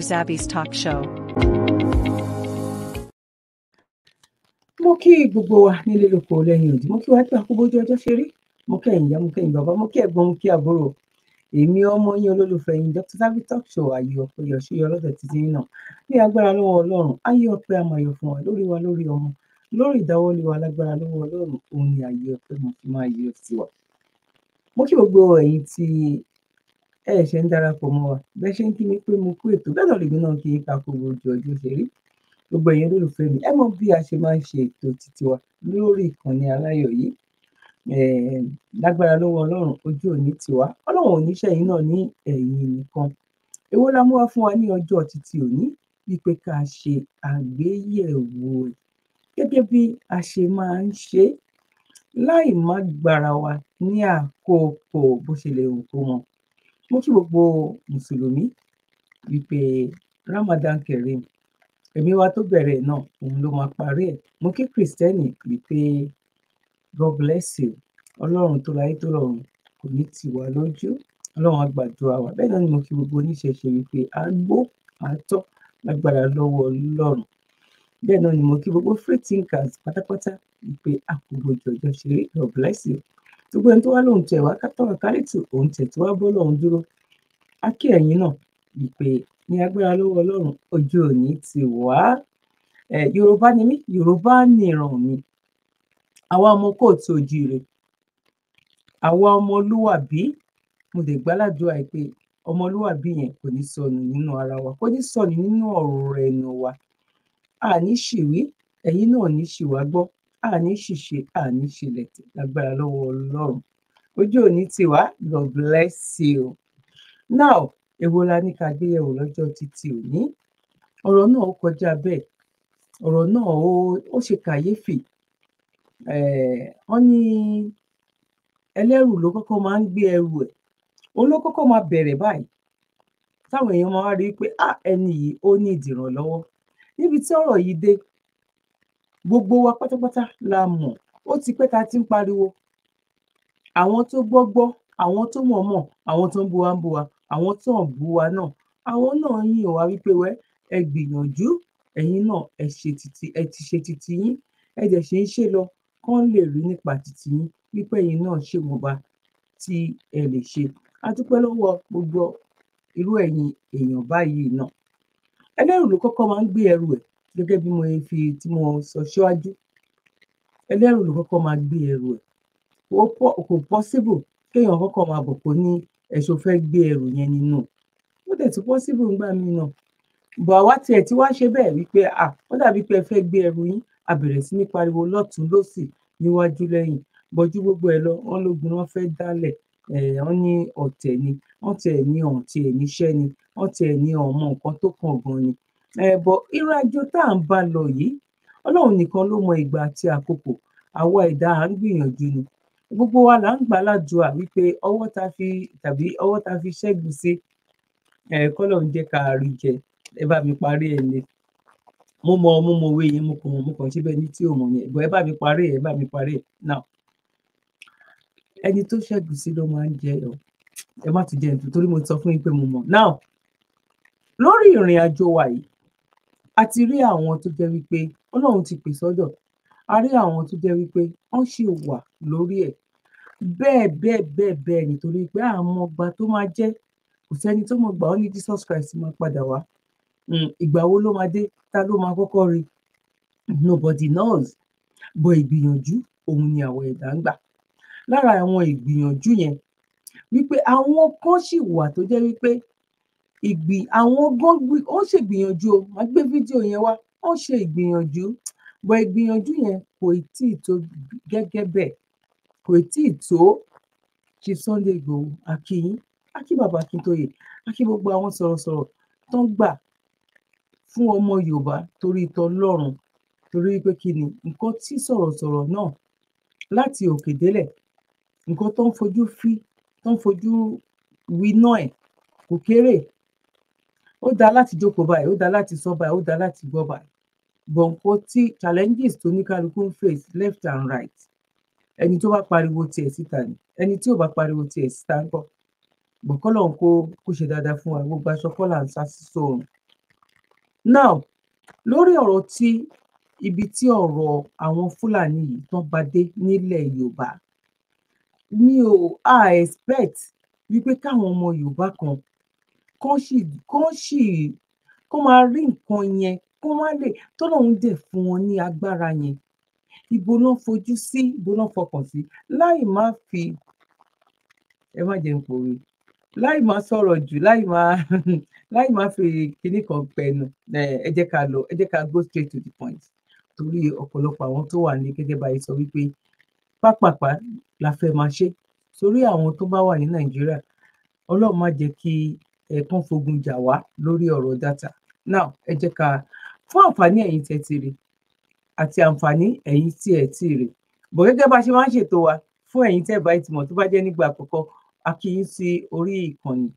Zabby's Talk Show. mo kí gbogbo wa nílé lóko lẹ́yìn òdì mo kí wa pé àkóbójú ọjọ́ ṣe rí mo kí ẹ̀yin ìyá mo kí ẹ̀yin bàbá mo kí ẹ̀gbọ́n mo kí àbúrò èmi ọmọ yín olólùfẹ́ yín Dr. Zabby's Talk Show ayé ọpẹ́ yọṣẹ ọlọsẹ títí náà ní agbára lọ́wọ́ Ọlọ́run ayé ọpẹ́ amáyọ fún wa lórí wa lórí ọmọ lórí ìdáwọ́lé wa lágbára lọ́wọ́ Ọlọ́run òun ni ayé ọpẹ́ mo fi máa yọ sí wa mo kí gbogbo ẹ̀yin tí ẹ ṣe ń darapọ̀ mọ́ wa bẹ́ẹ̀ ṣe ń kí mi pé mo kú ètò bẹ́ẹ̀ náà lèmi náà kí n ka kó gbogbo ọjọ́ ṣe rí gbogbo ẹ̀yin olólùfẹ́ mi ẹ mọ bí a ṣe máa ń ṣe ètò títí wa lórí ìkànnì aláyọ̀ yìí lágbára lọ́wọ́ ọlọ́run ojú òní tiwa ọlọ́run oníṣẹ́ yìí náà ní ẹ̀yìn nìkan èwo la mú wá fún wa ní ọjọ́ títí òní wípé ká ṣe àgbéyẹ̀wò ẹ̀ gẹ́gẹ́ bí a ṣe máa ń ṣe láì má gbára wa ní àkókò bó ṣe lè wù kó wọn mo tún gbogbo mùsùlùmí wípé Ramadan Kareem ẹ̀mí wa tó bẹ̀rẹ̀ náà òun ló máa parí ẹ̀ mo kí kristẹni wípé God bless you ọlọ́run tó láyé tó rọrùn kò ní tì wá lójú ọlọ́run á gbàdúrà wa bẹ́ẹ̀ náà ni mo kí gbogbo oníṣẹ̀ṣe wípé a gbó a tọ́ lágbára lọ́wọ́ ọlọ́run bẹ́ẹ̀ náà ni mo kí gbogbo free thinkers pátápátá wípé a kò ṣeré God bless you gbogbo ẹni tó wá lóun tiẹ̀ wá tọrọ kárìtì òun tiẹ̀ tí wàá bọ́ lọ́hún dúró á kí ẹ̀yin náà ìpè ní agbára lọ́wọ́ ọlọ́run ojú òní ti wá yorùbá ni mí yorùbá ni ìran mi àwa ọmọ kóòtù òjíire àwa ọmọlúwàbí mo dẹ̀ gbáládùá ẹ pé ọmọlúwàbí yẹn kò ní sọnù nínú ara wa kò ní sọnù nínú ọ̀rọ̀ ẹnu wa a ṣìwí ẹ̀yin náà ní ṣìwá gbọ́ àní ṣìṣe àní ṣìlẹ̀tẹ̀ lágbára lọ́wọ́ ọlọ́run ojú òní tiwa God bless you now èwo la ní ká gbéyẹ̀wò lọ́jọ́ títí òní ọ̀rọ̀ náà ó kọjá bẹ́ẹ̀ ọ̀rọ̀ náà ó ṣe kàyéfì wọ́n ní ẹlẹ́rù ló kọ́kọ́ máa ń gbé ẹrù ẹ̀ òun ló kọ́kọ́ máa bẹ̀rẹ̀ báyìí táwọn èèyàn máa wá rí i pé ah, ẹni yìí ó ní ìdìrànlọ́wọ́ níbi tí ọ̀rọ̀ yìí dé gbogbo wa pátápátá la mọ̀ ó ti pẹ́ ta ti ń pariwo àwọn tó gbọ́ gbọ́ àwọn tó mọ̀ mọ̀ àwọn tó ń bu wa ń bu wa àwọn tó ń bu wa náà àwọn náà yìn wá wípé wẹ́ ẹ gbìyànjú ẹ̀yin náà ẹ ṣe títí ẹ ti ṣe títí yín ẹ dẹ̀ ṣe ń ṣe lọ kán lè rí nípa títí yín wípé ẹ̀yin náà ṣèwọ̀nba tí ẹ lè ṣe a dúpẹ́ lọ́wọ́ gbogbo irú ẹ̀yin èèyàn báyìí náà ẹlẹ́rù ló kọ́kọ́ máa ń gbé ẹrù ẹ̀ gẹ́gẹ́ bí mo fi tí mo sọ síwájú ẹlẹ́rù ló kọ́kọ́ máa gbé ẹrù ẹ̀ kò possible kéèyàn kọ́kọ́ máa bọ̀ kó ní ẹ̀ṣọ́ fẹ́ gbé ẹrù yẹn nínú ó dẹ̀ tún possible ńgbà mí náà bọ̀ àwa tiẹ̀ tí wá ṣe bẹ́ẹ̀ wípé à ó dàbí pé ẹ fẹ́ gbé ẹrù yín a bẹ̀rẹ̀ sí ní pariwo lọ́tún lọ́sì níwájú lẹ́yìn bọjú gbogbo ẹ lọ wọn lógun wọn fẹ́ dálẹ̀ wọn ní ọ̀tẹ̀ ni wọn tiẹ̀ ní ọ̀hún tiẹ̀ níṣẹ́ ni wọn tiẹ̀ ní ọmọ nǹkan tó kàn gan ni bọ irú àjò tá à ń bá lọ yìí ọlọ́run nìkan ló mọ ìgbà àti àkókò àwa ẹ̀dá à ń gbìyànjú ni gbogbo wa là ń gbà ládùúà wípé ọwọ́ ta fi tàbí ọwọ́ ta fi ṣẹ́gun sí kọ́lọ̀ ń jẹ́ ká jẹ ẹ bá mi parí ẹ̀ ni mo mọ mo mọ owó yẹn mo kàn mo kàn síbẹ̀ ní tí ò mọ̀ yẹn ẹ bá mi parí ẹ̀ ẹ bá mi parí ẹ̀ now ẹni tó ṣẹ́gun sí ló máa ń jẹ ọ ẹ má ti jẹ nítorí mo sọ fún yín pé mo mọ̀ now lórí ìrìn àjò wa yìí a ti rí àwọn tó jẹ́ wípé Ọlọ́run ti pè sọ́dọ̀ a rí àwọn tó jẹ́ wípé wọ́n ṣì wà lórí ẹ̀ bẹ́ẹ̀ bẹ́ẹ̀ bẹ́ẹ̀ bẹ́ẹ̀ nítorí pé àwọn ọgbà tó máa jẹ́ kò sẹ́ni tó mọ̀ gbà ó ní Jesus Christ máa padà wá hmm, ìgbà wo ló máa dé ta ló máa kọ́kọ́ rí nobody knows bọ ìgbìyànjú òun ni àwọn ẹ̀dá ń gbà lára àwọn ìgbìyànjú yẹn wípé àwọn kan ṣì wà tó jẹ́ wípé ìgbì àwọn gan ó ṣègbìyànjú o màá gbé fídíò yẹn wá ó ṣe ìgbìyànjú bọ ìgbìyànjú yẹn kò tí ì tó gẹ́gẹ́ bẹ́ẹ̀ kò tí ì tó ṣe Sunday Igboho akínyín akí bàbá Akíntóyè akí gbogbo àwọn sọ̀rọ̀sọ̀rọ̀ tó ń gbà fún ọmọ Yorùbá torí tọlọ́run torí pé kí ni nǹkan tí sọ̀rọ̀sọ̀rọ̀ náà láti òkè délẹ̀ nǹkan tó ń fojú fi tó ń fojú wí ẹ̀ kò kéré ó dáa láti jókòó báyìí ó dáa láti sọ báyìí ó dáa láti gbọ́ báyìí bọ̀ tí challenges tó ní kálukú ń face left and right ẹni tó bá pariwo tiẹ̀ síta ni ẹni tí ò bá pariwo tiẹ̀ síta ń bọ̀ bọ̀ kọ́lọ̀ ń kó kó ṣe dáadáa fún wa gbogbo aṣọ kọ́là ń sá sí sóòrùn. now lórí ọ̀rọ̀ tí ibi tí ọ̀rọ̀ àwọn Fúlàní yìí tán bá dé nílẹ̀ Yorùbá mi ò à expect wípé káwọn ọmọ Yorùbá kan kán sì kán sì kán máa rí nǹkan yẹn kán má lè tọ́lọ́run dẹ̀ fún wọn ní agbára yẹn ibo ló ń fojú sí ibo ló ń fọkàn sí láì má fi ẹ má jẹun pòwe láì má sọ̀rọ̀ jù láì má láì má fi kinní kan pẹnu ẹ jẹ́ ká lọ ẹ jẹ́ ká go straight to the point torí ọ̀pọ̀lọpọ̀ àwọn tó wà ní gẹ́gẹ́ báyìí sọ wípé pápápá la fẹ́ máa ṣe torí àwọn tó bá wà ní nàìjíríà ọlọ́run má jẹ́ kí tó ń fogun jà wá lórí ọ̀rọ̀ data now ẹ jẹ́ ká fún àǹfààní ẹ̀yin tẹ́ ti rí àti àǹfààní ẹ̀yin tí ẹ ti rí bọ̀ gẹ́gẹ́ bá ṣe máa ń ṣètò wa fún ẹ̀yin tẹ́ bá ìtìmọ̀ tó bá jẹ́ nígbà àkọ́kọ́ a kì í sí orí ìkànnì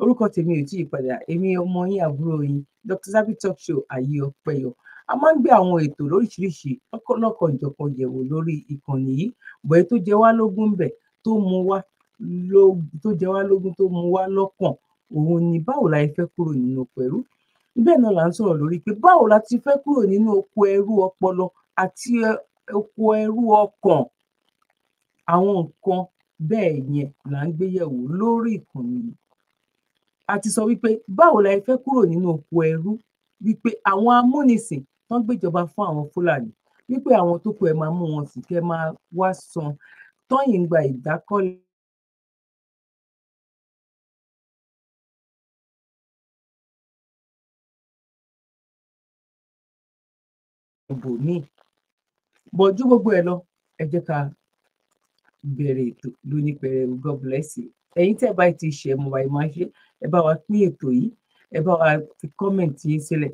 orúkọ tèmi ò tí ì padà èmi ọmọ yín àbúrò yín Dr. Zabby Talk Show ayé ọpẹyọ a máa ń gbé àwọn ètò lóríṣiríṣi lọ́kọ̀lọ́kọ̀ ìjọkan yẹ̀wò lórí ìkànnì yìí bọ̀ẹ́ tó jẹ wá lógún bẹ̀ tó mú wá tó jẹ wá lógún tó mú wá lọ́kàn òun ni báwo la fẹ́ kúrò nínú oko ẹrú bẹ́ẹ̀ náà là ń sọ̀rọ̀ lórí pé báwo la ti fẹ́ kúrò nínú oko ẹrú ọpọlọ àti e, oko ẹrú ọkàn àwọn nǹkan bẹ́ẹ̀ yẹn là ń gbé yẹ̀wò lórí ìkànnì yìí a ti sọ wípé báwo la fẹ́ kúrò nínú oko ẹrú wípé àwọn amúnisìn tó gbéjọba fún àwọn fúlàní wípé àwọn tó kù ẹ máa mú wọn sì kẹ máa wá san tọ́yìn gba ìdákọ́lẹ̀ ibòmíì bọ̀ ju gbogbo ẹ̀ lọ ẹ jẹ́ ká bẹ̀rẹ̀ ètò lóní pẹ̀rẹ̀ God bless you ẹ̀yin tẹ́ ẹ bá ti ṣe mo wáyé máa ṣe ẹ bá wa pín ètò yìí ẹ bá wa fi kọ́mẹ̀ntì yín sílẹ̀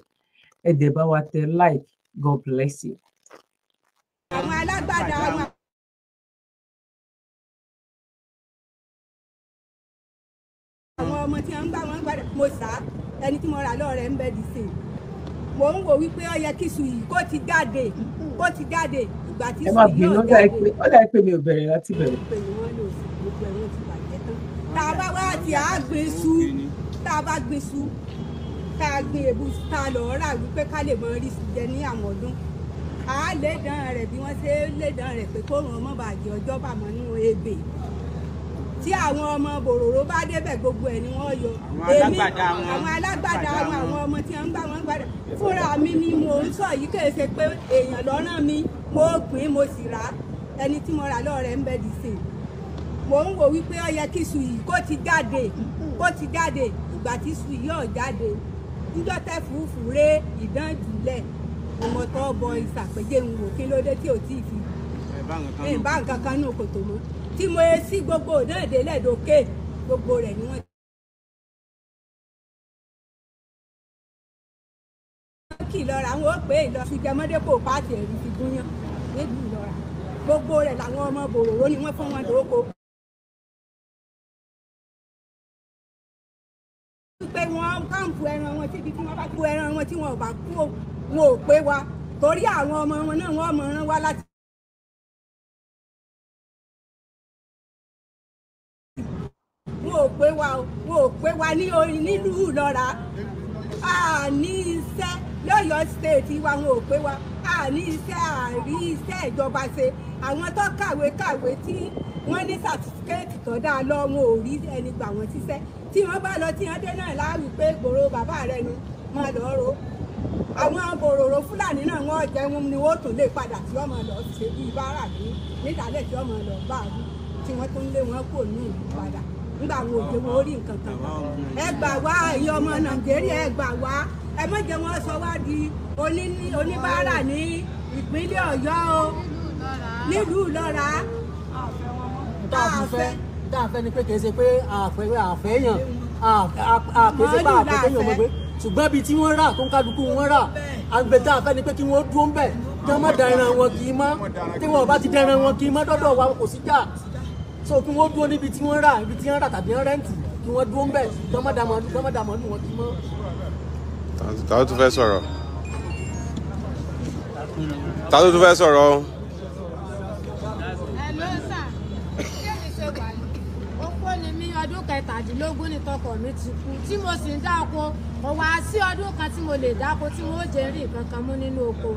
ẹ dẹ̀ bá wa tẹ like God bless you. àwọn alágbádá àwọn. àwọn ọmọ tí wọn ń bá wọn gbàdá mo sá ẹni tí mo rà lọ́ọ̀rẹ́ ń bẹ́ẹ̀ dì mò ń wò wípé ó yẹ kí sùn yìí kó ti jáde kó ti jáde ìgbà tí sùn yìí yóò jáde. ó dà pé mi ò bẹ̀rẹ̀ láti bẹ̀rẹ̀. tá a bá wá ti à á gbin sú tá a bá gbin sú tá a gbin èbú tá a lọ rà wípé ká lè mọ rí sùn jẹ ní àwọn ọdún à lé dán rẹ̀ bí wọ́n ṣe lé dán rẹ̀ pé kó ràn ọmọ bàjẹ́ ọjọ́ bàmọ́ nínú ebè tí àwọn ọmọ bòròró bá débẹ̀ gbogbo ẹ̀ ni wọ́n yọ èmi àwọn alágbádá àwọn àwọn ọmọ tí wọ́n ń bá wọn gbádà fúnra mi ni mo ń sọ yìí kò ṣe pé èèyàn lọ́ràn mi mo pín mo sì rà ẹni tí mo rà lọ́rẹ̀ ń bẹ dì sí mo ń wò wípé ó kí iṣu yìí kó ti jáde kó ti jáde ìgbà tí iṣu yìí ò jáde níjọ́ tẹ́ fùfú ré ìdán jùlẹ̀ ọmọ tó bọ ìsàpèjé ń wò tí ò tí ì fi ẹ̀ bá nǹkan kan nù kòtò mọ́ tí mo he sí gbogbo náà délẹ̀ dókè gbogbo rẹ̀ ni wọ́n kì lọ́ra àwọn ó pé ìlọsígẹmọdépò pàtì ẹ̀rí ti gúnyán nílùú ìlọra gbogbo rẹ̀ làwọn ọmọ bòròró ni wọ́n fún wọn lóko. pé wọ́n káàmpù ẹran wọn síbi tí wọ́n bá kú ẹran wọn tí wọ́n ò bá kú wọn ò pé wa torí àwọn ọmọ wọn náà wọ́n mọ̀ ọ́n wá láti. wọn ò pé wa wọn ò pé wa ní orin nílùú lọ́ra a ní iṣẹ́ lọ́yọ̀ọ́ state wa wọn ò pé wa a ní iṣẹ́ àrí iṣẹ́ ìjọba ṣe àwọn tó kàwé kàwé tí wọ́n ní sàtífíkẹ́ẹ̀tì tó dáa lọ wọn ò rí ẹni gbà wọ́n ṣiṣẹ́ tí wọ́n bá lọ tí wọ́n dé náà láàrú pé gbòòrò bàbá rẹ nu máa lọ ro àwọn bòròrò fúlàní náà wọ́n jẹ́ wọn ni wọ́n tún lè padà tí wọ́n máa lọ ṣe bíi bárà ní nídàálẹ̀ tí wọ́n máa lọ bá a tí wọ́n tún lé wọn kò ní ìlú padà ńgbà wo òjò wo orí nǹkan kan ẹ gbà wá ẹ̀yin ọmọ nàìjíríà ẹ gbà wá ẹ má jẹ́ wọn sọ wá di oníbàárà ní ìpínlẹ̀ ọ̀yọ́ o nílùú ìlọ́ra dáàfẹ́ dáàfẹ́ ni pé kìí ṣe pé àfẹ́wé àfẹ́yàn àpèsè pa àpèsèyàn ọmọ gbé ṣùgbọ́n ibi tí wọ́n rà tó ń kálukú wọn rà àgbẹ̀ dáàfẹ́ ni pé kí wọ́n dúró ń bẹ̀ kí wọ́n má da ẹran wọn kì í mọ́ tí wọ́n bá ti da ẹran wọn kì í mọ́ dọ́dọ̀ wa kò sí jà so kí wọ́n dúró níbi tí wọ́n rà ibi tí wọ́n rà tàbí wọ́n rẹ́ǹtì kí wọ́n dúró ń bẹ̀ dánmọ́dàmọ́lù dánmọ́dàmọ́lù wọn kì í mọ́. ta ló fẹ́ sọ̀rọ̀ ta ló fẹ́ sọ̀rọ̀ o. ọdún kẹtàdínlógún ni tọkọ mi ti kú tí mo sì ń dáko kò wá sí ọdún kan tí mo lè dáko tí wọn jẹ rí nǹkan mú nínú oko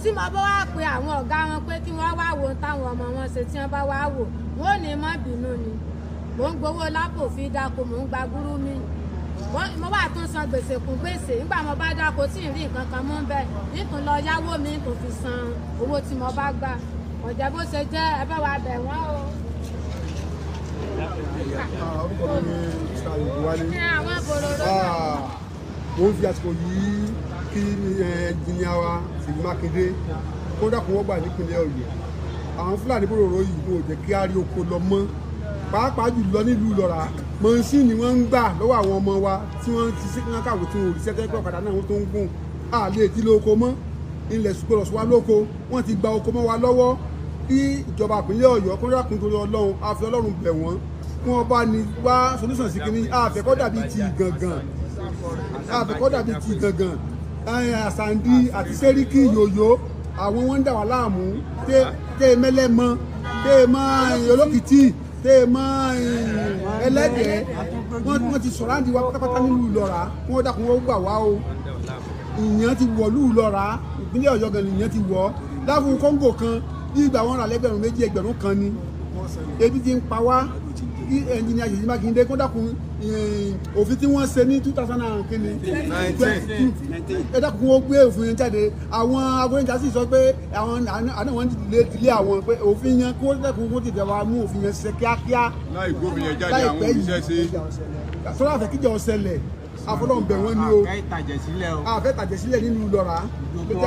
tí mo bá wá pe àwọn ọ̀gá wọn pé kí wọ́n wá wo táwọn ọmọ wọn ṣe tí wọ́n bá wá wò wọn ò ní má bínú ni mò ń gbowó lápò fi dáko mò ń gba gúrú mi mo wà tó san gbèsè kún gbèsè nígbà mo bá dáko tí ì rí nǹkan kan mú bẹ́ẹ̀ nìkan lọ yáwó mi kò fi san owó tí mo bá gbà ọ̀jẹ̀ bó ṣe jẹ́ ẹ bá wa bẹ̀ wọ́n o. orúkọ mi ni mr olùwálé mo ń fi àsìkò yìí kí eh, ẹnjìnìá wa Ṣèyí Mákindé kó dákun wọ́n gbà nípínlẹ̀ Ọ̀yọ́ àwọn fúlàní bòròrò yìí wọn ò jẹ́ kí á rí oko lọ mọ́ pàápàá jùlọ nílùú lọ́ra mọ̀nsí ni wọ́n ń gbà lọ́wọ́ àwọn ọmọ wa tí wọ́n ti sí wọn káwé tí wọn ò rí sẹ́tẹ́ pé ọ̀kadà náà wọ́n tó ń gùn à lè ti lóko mọ́ ilẹ̀ gbọ́dọ̀ sọ wá lóko wọ́n ti gba oko mọ́ wa lọ́wọ́ kí ìjọba ìpínlẹ̀ ọ̀yọ́ kó dákun torí ọlọ́run a fi ọlọ́run bẹ̀ wọ́n kí wọ́n bá ní wá solúsàn sí kínní àfẹ́kọ́ dàbí ti gàngàn àfẹ́kọ́ dàbí ti gàngàn àsàndí àti sẹ́ríkì yòyó àwọn wọn ń dà wá láàmú tẹ́ ẹ mẹ́lẹ́mọ tẹ́ ẹ mọ eh, olókìtì tẹ́ ẹ mọ eh, ẹlẹ́dẹ̀ẹ́ wọ́n ti sọ̀rọ̀ àǹdí wa pátápátá nílùú Ìlọ́ra wọ́n dàkún wọ́n gbà wá o ìyẹn ti wọ̀ lù Ìlọ́ra ìpínlẹ̀ Ọ̀yọ́ gan ni ìyẹn ti wọ̀ láàfin kóńgò kan bí ìgbà wọn rà lẹ́gbẹ̀rún méjì ẹgbẹ̀rún kan ni ebi ti ń pa wá kí ẹnjìnìá Yèyé Mákindé kó dákun eh, òfin tí wọ́n ṣe ní two thousand and kìíní ẹ dákun ó gbé òfin yẹn jáde àwọn agbóyinja sì sọ pé àwọn àná wọn lè àwọn pé òfin yẹn kó dákun kó tètè wá mú òfin yẹn ṣe kíákíá láì gbófin yẹn jáde àwọn ọ̀sẹ̀lẹ̀ afọlọ́n bẹ̀ wọ́n ni o àfẹ́ ìtàjẹ̀sílẹ̀ nínú lọ́ra gbogbo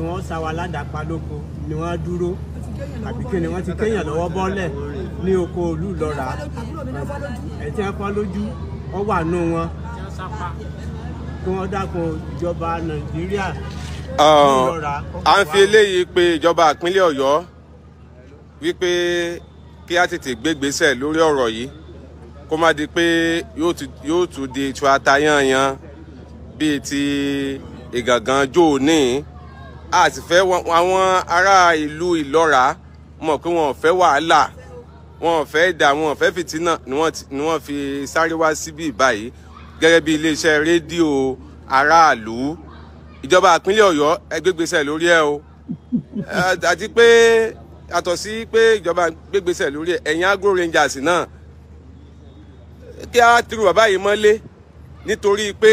àwọn sáwà ládàpá lóko ni wọ́n dúró àbí kí ni wọ́n ti kéèyàn lọ́wọ́ bọ́lẹ̀ ní oko olú lọ́ra ẹ̀ tí wọ́n fọ́ lójú ọ wà nù wọn kí wọ́n dákun ìjọba nàìjíríà à ń fi eléyìí pe ìjọba ìpínlẹ̀ ọ̀yọ́ wípé kí a tètè gbégbésẹ̀ lórí ọ̀rọ̀ yìí kó má di pé yóò tún di ìtura ta yan bíi ti ìgàngán jóò níì a sì fẹ́ àwọn ará ìlú ìlọ́ra mọ̀ pé wọn ò fẹ́ wàhálà wọn ò fẹ́ dà wọn ò fẹ́ fìtínà ni wọ́n fi sáré wá síbí báyìí gẹ́gẹ́ bí iléeṣẹ́ rédíò aráàlú ìjọba ìpínlẹ̀ ọ̀yọ́ ẹgbẹ́gbẹ́sẹ̀ lórí ẹ o àti pé yàtọ̀ sí pé ìjọba gbégbèsè lórí ẹ̀yìn agro rangers náà kí á tìrù bàbá yìí mọ́lé nítorí pé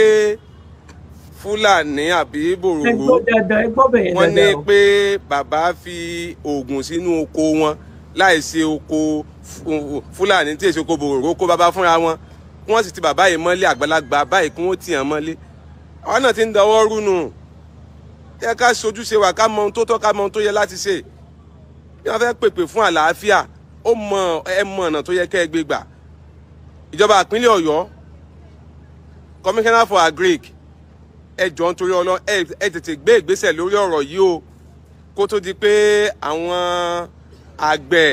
fúlàní àbí bòròrò wọ́n ní pé bàbá fi oògùn sínú oko wọn láì ṣe oko fúlàní tí èso oko bòròrò kó bàbá fúnra wọn wọ́n sì ti bàbá yìí mọ́lé àgbàlagbà báyìí kí wọ́n tì hàn mọ́lé àwọn náà ti ń dọwọ́ rúnu yẹ ká ṣojúṣe wà ká mọ ohun tó tọ́ ká mọ ohun tó yẹ láti ṣe bí wọ́n fẹ́ pèpè fún àlàáfíà ó mọ ẹ mọ ọ̀nà tó yẹ kẹ́ ẹ gbé gbà ìjọba ìpínlẹ̀ ọ̀yọ́ commissioner for agric ẹ jọ ń torí ọlọ ẹ tètè gbé ìgbésẹ̀ lórí ọ̀rọ̀ yìí o kó tó di pé àwọn àgbẹ̀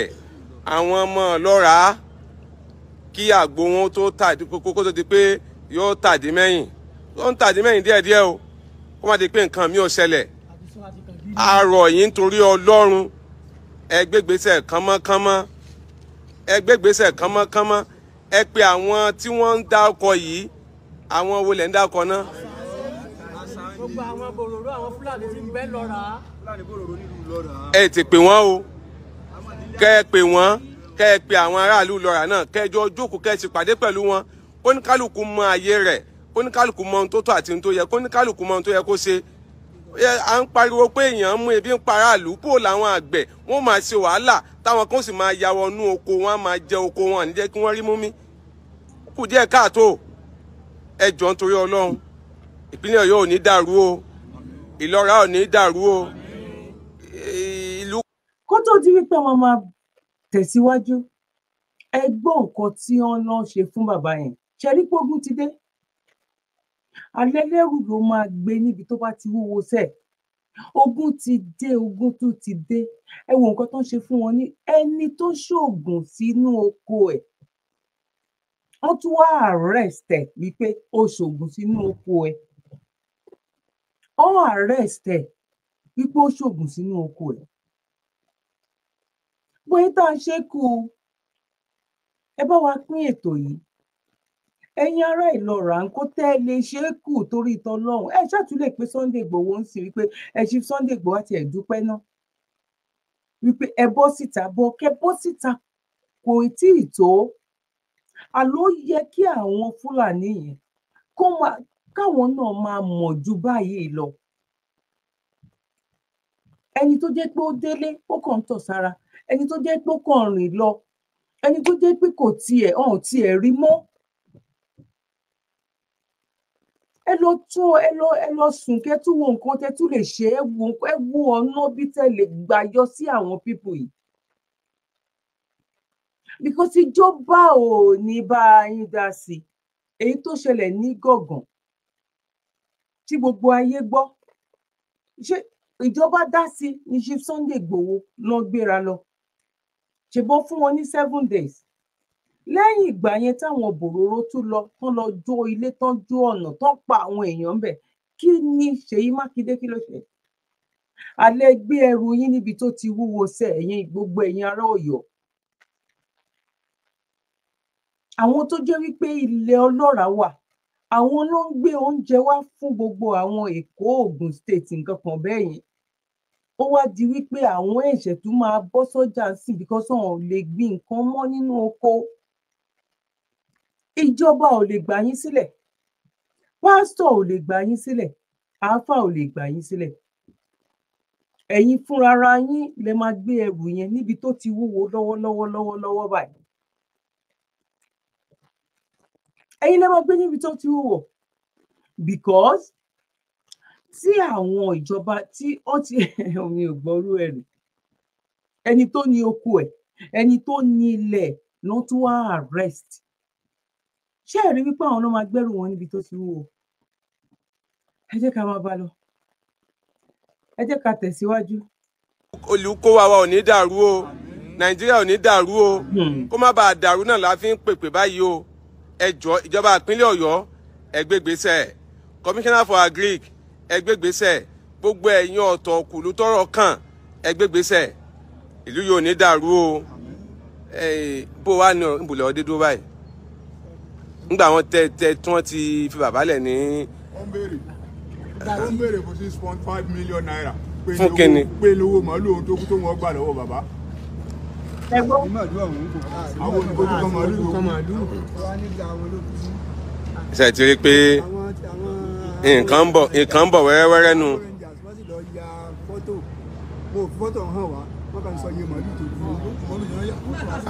àwọn ọmọ lọ́ra kí àgbo wọn tó tà kó tó di pé yóò tàdí mẹ́yìn yóò ń tàdí mẹ́yìn díẹ̀díẹ̀ o kó má di pé nǹkan mi ò ṣẹlẹ̀ àrọ̀ yìí nítorí ọlọ́run ẹ gbégbèsè kánmọ́kánmọ́ ẹ gbégbèsè kánmọ́kánmọ́ ẹ pé àwọn tí wọ́n ń dá ọkọ̀ yìí àwọn wo lẹ̀ ń dá ọkọ̀ náà gbogbo àwọn bòròró àwọn fúlàní ti ń bẹ lọ́ra. fúlàní bòròró nílùú lọ́ra. ẹ ti pè wọ́n o kẹ́ ẹ pè wọ́n kẹ́ ẹ pe àwọn aráàlú lọ́ra náà kẹ́ jókòó kẹ́ ẹ sì pàdé pẹ̀lú wọn kóníkálùkù mọ àyè rẹ̀ kóníkálùkù mọ ohun tó tọ́ àti ohun tó yẹ kóníkálùkù mọ ohun tó yẹ kó ṣe à ń pariwo pé èèyàn mú ebi ń para àlùpò làwọn àgbẹ̀ wọ́n máa ṣe wàhálà táwọn kan sì máa ya wọnú oko wọn á máa jẹ oko wọn àníjẹ́ kí wọ́n rí mú mi kù díẹ̀ káàtó ẹ jọ̀ọ́ nítorí Ọlọ́run ìpínlẹ̀ ọ̀yọ́ ò ní dàrú o ìlọ́ra ò ní dàrú o ìlú. kó tó di wípé wọn máa tẹ̀síwájú ẹ gbọ́ nǹkan tí wọ́n lọ ṣe fún bàbá yẹn ṣẹ́rí pógún ti dé alẹ́ lẹ́rù ló máa gbé níbi tó bá ti wúwo sẹ́ẹ̀ ogun ti dé ogun tún ti dé ẹ wo nǹkan tó ń ṣe fún wọn ní ẹni tó ṣoògùn sínú oko ẹ̀ wọ́n tún wá arrest ẹ̀ wípé ó ṣoògùn sínú oko ẹ̀ ó arrest ẹ̀ wípé ṣoògùn sínú oko ẹ̀ bóyá tá a ṣe kú o ẹ bá wa pín ètò yìí ẹ̀yin ará ìlọra ńkó tẹ ẹ lè ṣe é kù torí ìtọlọ́run ẹ ṣàtúlẹ̀ pé Sunday Igboho ń sì wípé ẹ ṣe Sunday Igboho àti ẹ̀dúpẹ́ náà wípé ẹ bọ́ síta bọ́ kẹ bọ́ síta kò tí ì tó àló yẹ kí àwọn Fúlàní yẹn kó máa káwọn náà máa mọ̀ ju báyìí lọ ẹni tó jẹ́ pé ó délé ó kàn ń tọ̀ sára ẹni tó jẹ́ pé ó kàn rìn lọ ẹni tó jẹ́ pé kò tiẹ̀ ọ̀hún tiẹ̀ rí mọ́ ẹ lọ tó ẹ lọ ẹ lọ sùn kẹ́ tún wo nǹkan tẹ́ tún lè ṣe ẹ wo ẹ wo ọ̀nà bí tẹ́ lè gbà yọ sí àwọn pípù yìí because ìjọba ò ní bá yín dá sí èyí tó ṣẹlẹ̀ ní gọ̀gàn tí gbogbo ayé gbọ́ ṣé ìjọba dá sí ní Chief Sunday Igboho lọ gbéra lọ ṣùgbọ́n fún wọn ní seven days lẹ́yìn ìgbà yẹn táwọn bòróró tún lọ tán lọ jó ilé tán jó ọ̀nà tán pa àwọn èèyàn ńbẹ̀ kí ni Ṣèyí Mákindé kí ló ṣe alẹ́ gbé ẹrù yín níbi tó ti wúwo sẹ́ ẹ̀yin gbogbo ẹ̀yin ará Ọ̀yọ́ àwọn tó jẹ́ wípé ilẹ̀ ọlọ́ràá wà àwọn ló ń gbé oúnjẹ wá fún gbogbo àwọn èkó Ògùn state nǹkan kan bẹ́ẹ̀ yẹn ó wá di wípé àwọn ẹ̀ṣẹ̀ tún máa bọ́ sọ́jà sí because wọn ò lè gbin nǹkan mọ́ nínú oko ìjọba ò lè gbà yín sílẹ̀ pásítọ̀ ò lè gbà yín sílẹ̀ àáfà ò lè gbà yín sílẹ̀ ẹ̀yin fúnra ara yín lè máa gbé ẹrù yẹn níbi tó ti wúwo lọ́wọ́lọ́wọ́ lọ́wọ́lọ́wọ́ báyìí ẹ̀yin lè máa gbé níbi tó ti wọ̀ because tí àwọn ìjọba tí ó ti omi ò gbọ́rú ẹ̀ rè ẹni tó ní oko ẹ̀ ẹni tó ní ilẹ̀ ló tún wá arrest ṣé ẹ̀rí wípé àwọn náà máa gbẹ́rù wọn níbi tó ti wúwo ẹ jẹ́ ká máa bá lọ ẹ jẹ́ ká tẹ̀síwájú. olùkó wa wa ò ní dàrú o nàìjíríà ò ní dàrú o hmm. kó má bàa dàrú náà la fi ń pèpè báyìí o ẹjọ́ ìjọba ìpínlẹ̀ Ọyọ ẹgbẹ́gbẹ́sẹ̀ commissioner for agric ẹgbẹ́gbẹ́sẹ̀ gbogbo Ẹyin ọ̀tọ̀ kùlú tọ́rọ̀ kàn ẹgbẹ́gbẹ́sẹ̀ ìlú yóò ní dàrú o bó wà ní ìbùlẹ̀ ọdẹ dúró báyìí wọn tẹ tẹ tí wọn ti fi bàbá ní. béèrè béèrè for six ẹgbọ́n. àwọn olùkọ́jú kan máa rí ìlú. ṣe ti rí pé nǹkan ń bọ̀ nǹkan ń bọ̀ wẹ́rẹ́wẹ́rẹ́ nu. fọ́tò hàn wá wọ́n kàn sọ iye màálù tó dùn ún. wọ́n lè yọ màálù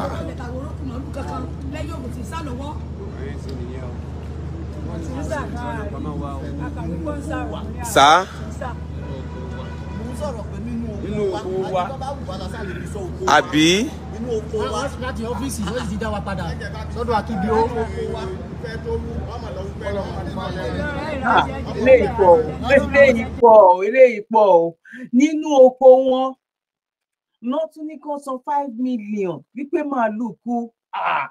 kankan lẹ́yìn òkú ti sá lọ́wọ́. sá àbí inú oko wa. láti ọ́fíìsì wọ́n sì ti dá wa padà sọ́dọ̀ akíbi ó. eléyìí pọ̀ eléyìí pọ̀ eléyìí pọ̀ nínú oko wọn ló tún ní kó san five million wípé màálùú kú ah,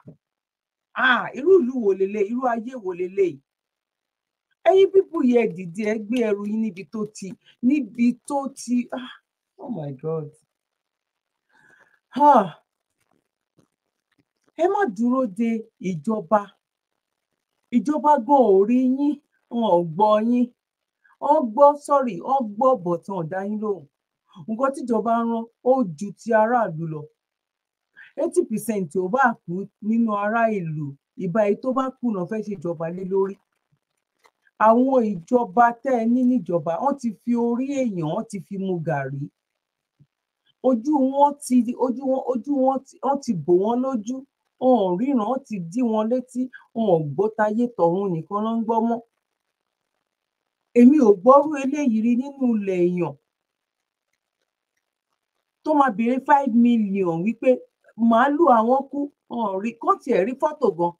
ah, irú ìlú wo lélẹ̀ irú ayé wo lélẹ̀ yìí ẹ̀yin pípù yẹ dìde ẹ gbé ẹrù yín níbi tó ti níbi tó ti ah oh my god. Huh. Ah, ẹ má dúró de ìjọba ìjọba gan ò rí yín wọn ò gbọ́ yín wọn gbọ́ sọrí wọn gbọ́ bọtán ọdá lóhùn nǹkan tíjọba rán ó ju ti aráàlú lọ eighty percent ò bá kú nínú ará ìlú ìbá èyí tó bá kùnà fẹ́ ṣèjọba lé lórí àwọn ìjọba tẹ́ ẹ ní níjọba wọ́n ti fi orí èèyàn wọ́n ti fi mu gàrí ojú wọn ti ojú wọn ti bò wọ́n lójú wọn ò ríran ó ti dí wọn létí wọn ò gbọ́ tayé tọ̀run nìkan ló ń gbọ́ mọ́ èmi ò gbọ́rú eléyìí rí nínú ilẹ̀ èèyàn tó máa béèrè five million wípé màálù àwọn kú ọ̀rí kó tiẹ̀ rí fọ́tò gan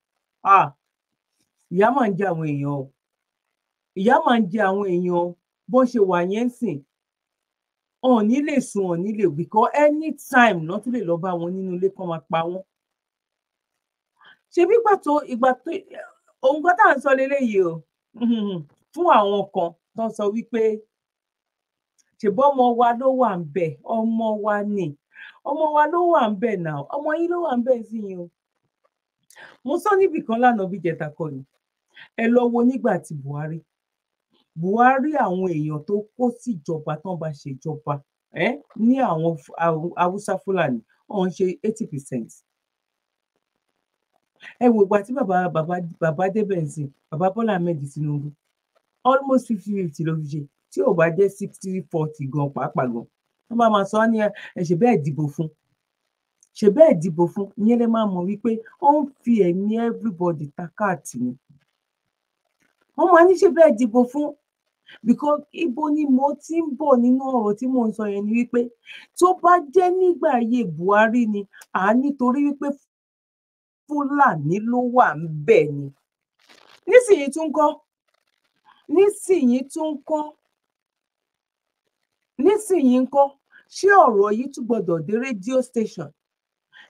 ìyá máa ń jẹ àwọn èèyàn o ìyá máa ń jẹ àwọn èèyàn bó ṣe wà yẹn ń sìn ọ̀ọ́ni lè sùn ọ̀ọ́ni lè wí kọ́ anytime náà tún lè lọ́ọ́ bá wọn nínú ilé kó máa pa wọ́n ṣebí pàtó ìgbà tó ohun kan tá à ń sọ leléyìí o fún àwọn kan tó ń sọ wípé ṣèbọ ọmọ wa ló wà ń bẹ ọmọ wa ni ọmọ wa ló wà ń bẹ náà ọmọ yín ló wà ń bẹ sí yín o mo sọ níbì kan lánàá bí jẹta kọ ni ẹ lọ wo nígbà tí Buhari Buhari àwọn èèyàn tó kó síjọba tán bá ṣèjọba ní àwọn haúsá fúlàní ọ̀hún ṣe eighty percent ẹ wò ìgbà tí bàbá bàbá bàbá débẹ̀ sí bàbá Bọ́lá Ahmed Tinubu almost fifty fifty ló fi ṣe tí ò bá jẹ́ sixty forty gan pàápàá gan wọ́n máa ma sọ ọ́ ní ẹ ṣe bẹ́ẹ̀ dìbò fún ṣe bẹ́ẹ̀ dìbò fún ìyẹn lè máa mọ̀ wípé ó ń fi ẹ̀mí everybody takáàtì ni wọ́n máa ní ṣe bẹ́ẹ̀ dìbò fún because ibo ni mo ti ń bọ̀ nínú ọ̀rọ̀ tí mò ń sọ yẹn ni wípé tó bá jẹ́ nígbà ayé Buhari ni à nítorí wípé fúlàní ló wà ń bẹ̀ ni nísìnyí tún kọ́ nísìnyí tún kọ́ nísìnyí kọ́ ṣé ọ̀rọ̀ yìí tún gbọ́dọ̀ dé rédíò station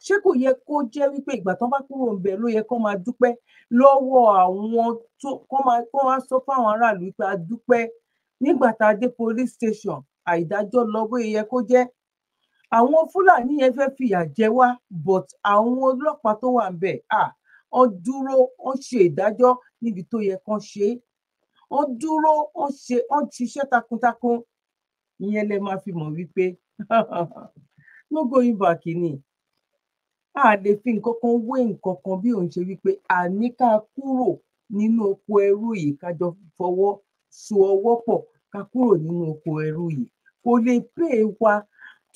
ṣé kò yẹ kó jẹ́ wípé ìgbà tán bá kúrò ń bẹ̀ ló yẹ kó máa dúpẹ́ lọ́wọ́ àwọn tó kó máa kó wá sọ fáwọn aráàlú pé a dúpẹ́ nígbà tá a dé police station àìdájọ́ lọ́wọ́ yẹ kó jẹ́ àwọn fúlàní yẹn fẹ́ fìyà jẹ wá but àwọn ọlọ́pàá tó wà ń bẹ̀ à wọ́n dúró wọ́n ṣe ìdájọ́ níbi tó yẹ kán ṣe é wọ́n dúró wọ́n ṣe wọ́n ṣiṣẹ́ takuntakun ìyẹn lẹ máa fi mọ̀ wípé no going back ni a lè fi nǹkan kan wé nǹkan kan bí òun ṣe wípé àní ká kúrò nínú oko ẹrú yìí ká jọ fọwọ́ so ọwọ́ pọ̀ ká kúrò nínú oko ẹrú yìí kò lè pè é wa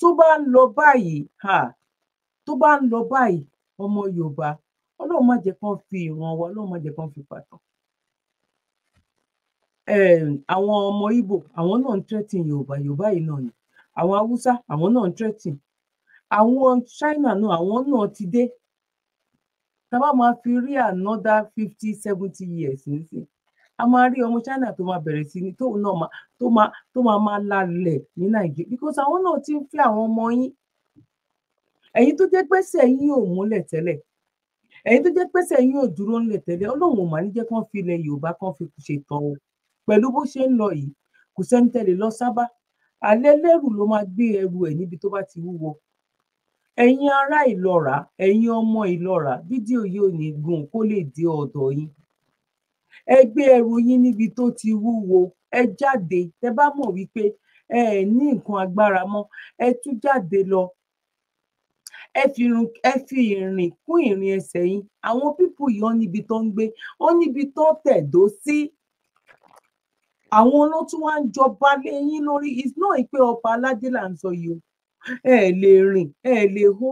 tó bá ń lọ báyìí um tó bá ń lọ báyìí ọmọ yorùbá ọlọ́run má jẹ́ kán fi ìran wa ọlọ́run má jẹ́ kán fi pàtàn um àwọn ọmọ Ìgbò àwọn náà ń threaten yorùbá yorùbá yìí náà ni àwọn haúsá àwọn náà ń threaten àwọn china náà àwọn náà ti dé tá a bá máa fi rí another fifty seventy years nísìn a máa rí ọmọ China tó máa bẹ̀rẹ̀ sí ní tóun náà tó máa tó máa máa lálẹ̀ ní Nàìjíríà because àwọn náà ti ń fẹ́ àwọn ọmọ yín ẹ̀yin tó jẹ́ pẹ́sẹ̀ yín ò múlẹ̀ tẹ́lẹ̀ ẹ̀yin tó jẹ́ pẹ́sẹ̀ yín ò dúró ńlẹ̀ tẹ́lẹ̀ Ọlọ́run ò mà ní jẹ́ kán fi ilẹ̀ Yorùbá kán fi ṣètò o pẹ̀lú bó ṣe ń lọ yìí kò sẹ́ni tẹ́lẹ̀ lọ sábà alẹ́ lẹ́rù ló máa gbé ẹrù ẹ̀ níbi tó bá ti wúwo ẹ̀yin ará Ìlọ́ra ẹ̀yin ọmọ Ìlọ́ra fídíò yìí ò ní gùn kó lè dé ọ̀dọ̀ yín ẹ gbé ẹrù yín níbi tó ti wúwo ẹ jáde tẹ bá mọ̀ wípé ẹ ẹ ní nǹkan agbára mọ́ ẹ tún jáde lọ ẹ fi irun ẹ fi ìrìn kún ìrìn ẹsẹ̀ yín àwọn pípù yìí wọn níbi tó ń gbé wọn níbi tó tẹ̀dó sí àwọn ló tún wá ń jọba lé yín lórí it's not pé ọba aládé là ń sọ yìí o ẹ lè rìn ẹ lè hó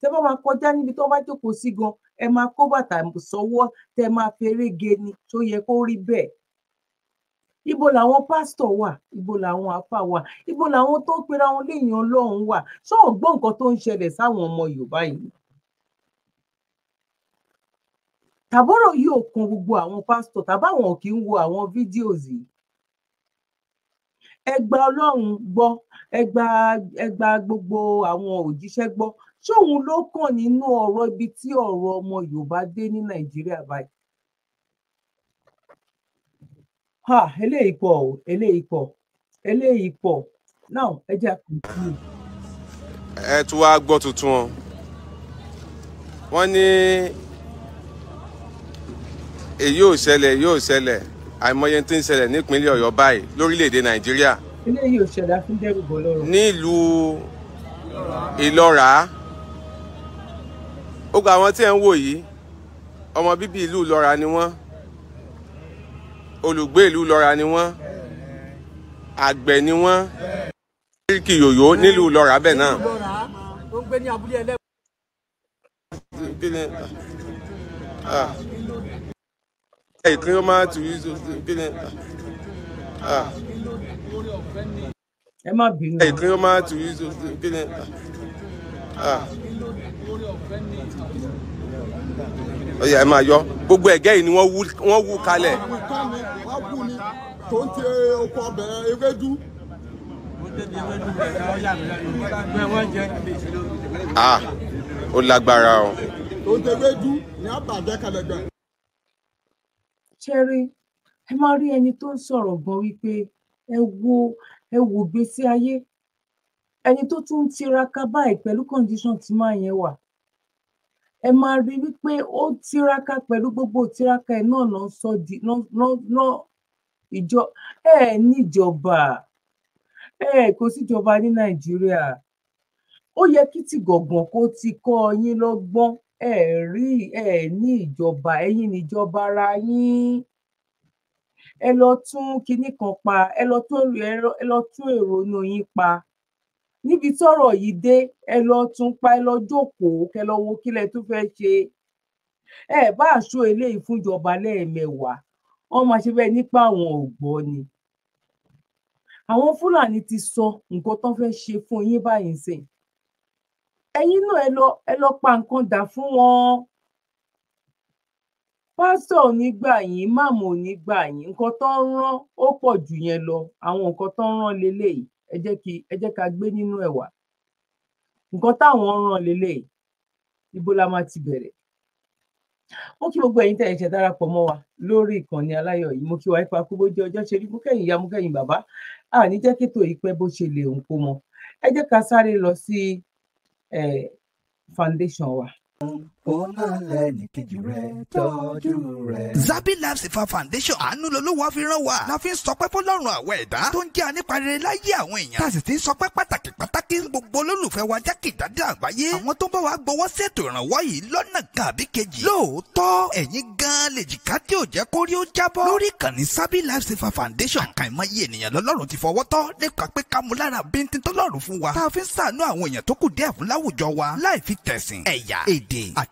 tẹ bá máa kọjá níbi tó bá jókòó sí gan ẹ máa kó bàtà sọ́wọ́ tẹ máa feré ge ni tó yẹ kó rí bẹ́ẹ̀ ibo làwọn pásítọ̀ wà ibo làwọn afa wà ibo làwọn tó ń pera wọn léèyàn Ọlọ́run wà ṣó ò gbọ́ nǹkan tó ń ṣẹlẹ̀ sáwọn ọmọ Yorùbá yìí tàbọ̀rọ̀ yìí ò kan gbogbo àwọn pásítọ̀ tàbáwọn ò kì í wo àwọn fídíòs yìí ẹ gba Ọlọ́run gbọ́ ẹ gbogbo àwọn òjíṣẹ́ gbọ́ ṣóun ló kàn nínú ọ̀rọ̀ ibi tí ọ̀rọ̀ ọmọ Yorùbá dé ní Nàìjíríà báyìí. ha eléyìí pọ̀ o eléyìí pọ̀ eléyìí pọ̀ now ẹ jẹ́ àkùnkùn. ẹ tún wá gbọ́ tuntun wọn wọ́n ní èyí ò ṣẹlẹ̀ èyí ò ṣẹlẹ̀ àìmọye tí ń ṣẹlẹ̀ nípínlẹ̀ Ọ̀yọ́ báyìí lórílẹ̀‐èdè Nàìjíríà. eléyìí ò ṣẹlẹ̀ àfúndẹ́rù bọ́ lọ́rọ̀. nílùú Ìlọ́ra gbogbo àwọn tí ẹ ń wò yìí ọmọ bíbí ìlú Ìlọra ni wọ́n olùgbé ìlú Ìlọra ni wọ́n àgbẹ̀ ni wọ́n kíríkì yòyó nílùú Ìlọra bẹ́ẹ̀ náà. ìpínlẹ̀ ọmọ àti ẹ má bínú ó yẹ ẹ máa yọ gbogbo ẹ̀gẹ́ yìí ni wọ́n wú kalẹ̀. tó ń tẹ oko ọbẹ̀ ewédú. ah ó lágbára o. tó ń tẹ ewédú ní àbàjẹ́ kalẹ̀gbẹ̀. ṣẹ́rí ẹ máa rí ẹni tó ń sọ̀rọ̀ gan wípé ẹ wo ẹ wo gbèsè ayé ẹni tó tún ń tiraka báyìí pẹ̀lú condition tí máa yẹn wà ẹ máa rí wípé ó tiraka pẹ̀lú gbogbo tiraka ẹ̀ náà lọ́n sọ di lọ́n ìjọ ẹ níjọba ẹ kò síjọba ní nàìjíríà ó yẹ kí ti gọ̀gàn kó ti kọ́ yín lọ́gbọ́n ẹ rí ẹ ní ìjọba ẹ̀yin níjọba ara yín ẹ lọ tún kinní kan pa ẹ lọ tún èrò inú yín pa níbi tọ́rọ̀ yìí dé ẹ lọ tún pa ẹ lọ jókòó kẹ lọ wo kí lẹ tún fẹ́ẹ́ ṣe ẹ bá aṣọ eléyìí fúnjọba lẹ́ẹ̀mẹwàá wọn máa ṣe bẹ́ẹ̀ nípa àwọn ògbọ ni àwọn fúlàní ti sọ nǹkan tó fẹ́ẹ́ ṣe fún yín báyìí sìn ẹ̀yin náà ẹ lọ ẹ lọ pa nǹkan dà fún wọn pásítọ̀ ò ní gbà yín máàmù ò ní gbà yín nǹkan tó rán ó pọ̀ jù yẹn lọ àwọn nǹkan tó rán leléyìí ẹ jẹ́ kí ẹ jẹ́ ká gbé nínú ẹ̀wà nǹkan táwọn ràn lélẹ̀ ibo la máa ti bẹ̀rẹ̀ mo kí gbogbo ẹ̀yin tẹ́ darapọ̀ mọ́ wa lórí ìkànnì aláyọ̀ yìí mo kí wa ipa kú bójú ọjọ́ ṣe rí mú kẹ́yìn ìyá mú kẹ́yìn bàbá a ní jẹ́ kí ètò yìí pẹ́ bó ṣe lè òun kó mọ ẹ jẹ́ ká sáré lọ sí foundation wa òun Life Saver Foundation àánú lolówó fi wa. wá. la fi ń sọpẹ́ fọlọ́run àwọn ẹ̀dá tó ń jẹ́ anípa rere láyé àwọn èèyàn. tá a sì ti ń sọpẹ́ pàtàkì pàtàkì gbogbo olólùfẹ́ wa jákèjádé àgbáyé. àwọn tó bá wa gbowó ṣètò ìrànwọ́ yìí lọ́nà kan àbí kejì. lóòótọ́ ẹ̀yin gan-an lè jìká tí ò jẹ́ kó rí ó jábọ́. lórí ìkànnì Zabby Life Saver Foundation àkàìmọye ènìyàn lọ́lọ́run ti fọwọ́ tọ́ nípa pé ká mú lára bíntín tọ́lọ́run fún wa. tá a fi ń ṣàánú àwọn èèyàn tó kù díẹ̀ fún láwùjọ wa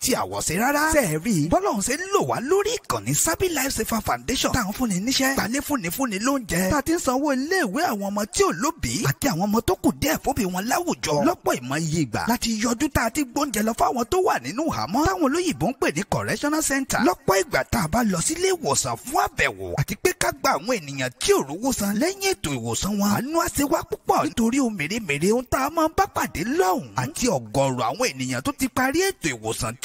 àti àwọ̀ṣe rárá. sẹ́ẹ̀rì bọ́lọ́hún ṣe ń lò wá lórí ìkànnì Sabi Life Saver Foundation táwọn fúnni níṣẹ́ gbalẹ̀ fúnni fúnni lóúnjẹ tá a ti ń sanwó iléèwé àwọn ọmọ tí ò lóbìí àti àwọn ọmọ tó kù díẹ̀ fóbi wọn láwùjọ lọ́pọ̀ ìmọ̀ iye ìgbà láti yọjú tá a ti gbóúnjẹ lọ fáwọn tó wà nínú ìhámọ́ táwọn olóyìnbó ń pè ní correctional center lọ́pọ̀ ìgbà tá a bá lọ sílé ìwòsàn fún àbẹ̀wò àti pé ká gba àwọn ènìyàn tí ò rówó san lẹ́yìn ètò ìwòsàn wọn àánú àṣewá a máa bá pàdé lọ́hùn àti ọ̀gọ̀ọ̀rọ̀ àwọn ènìyàn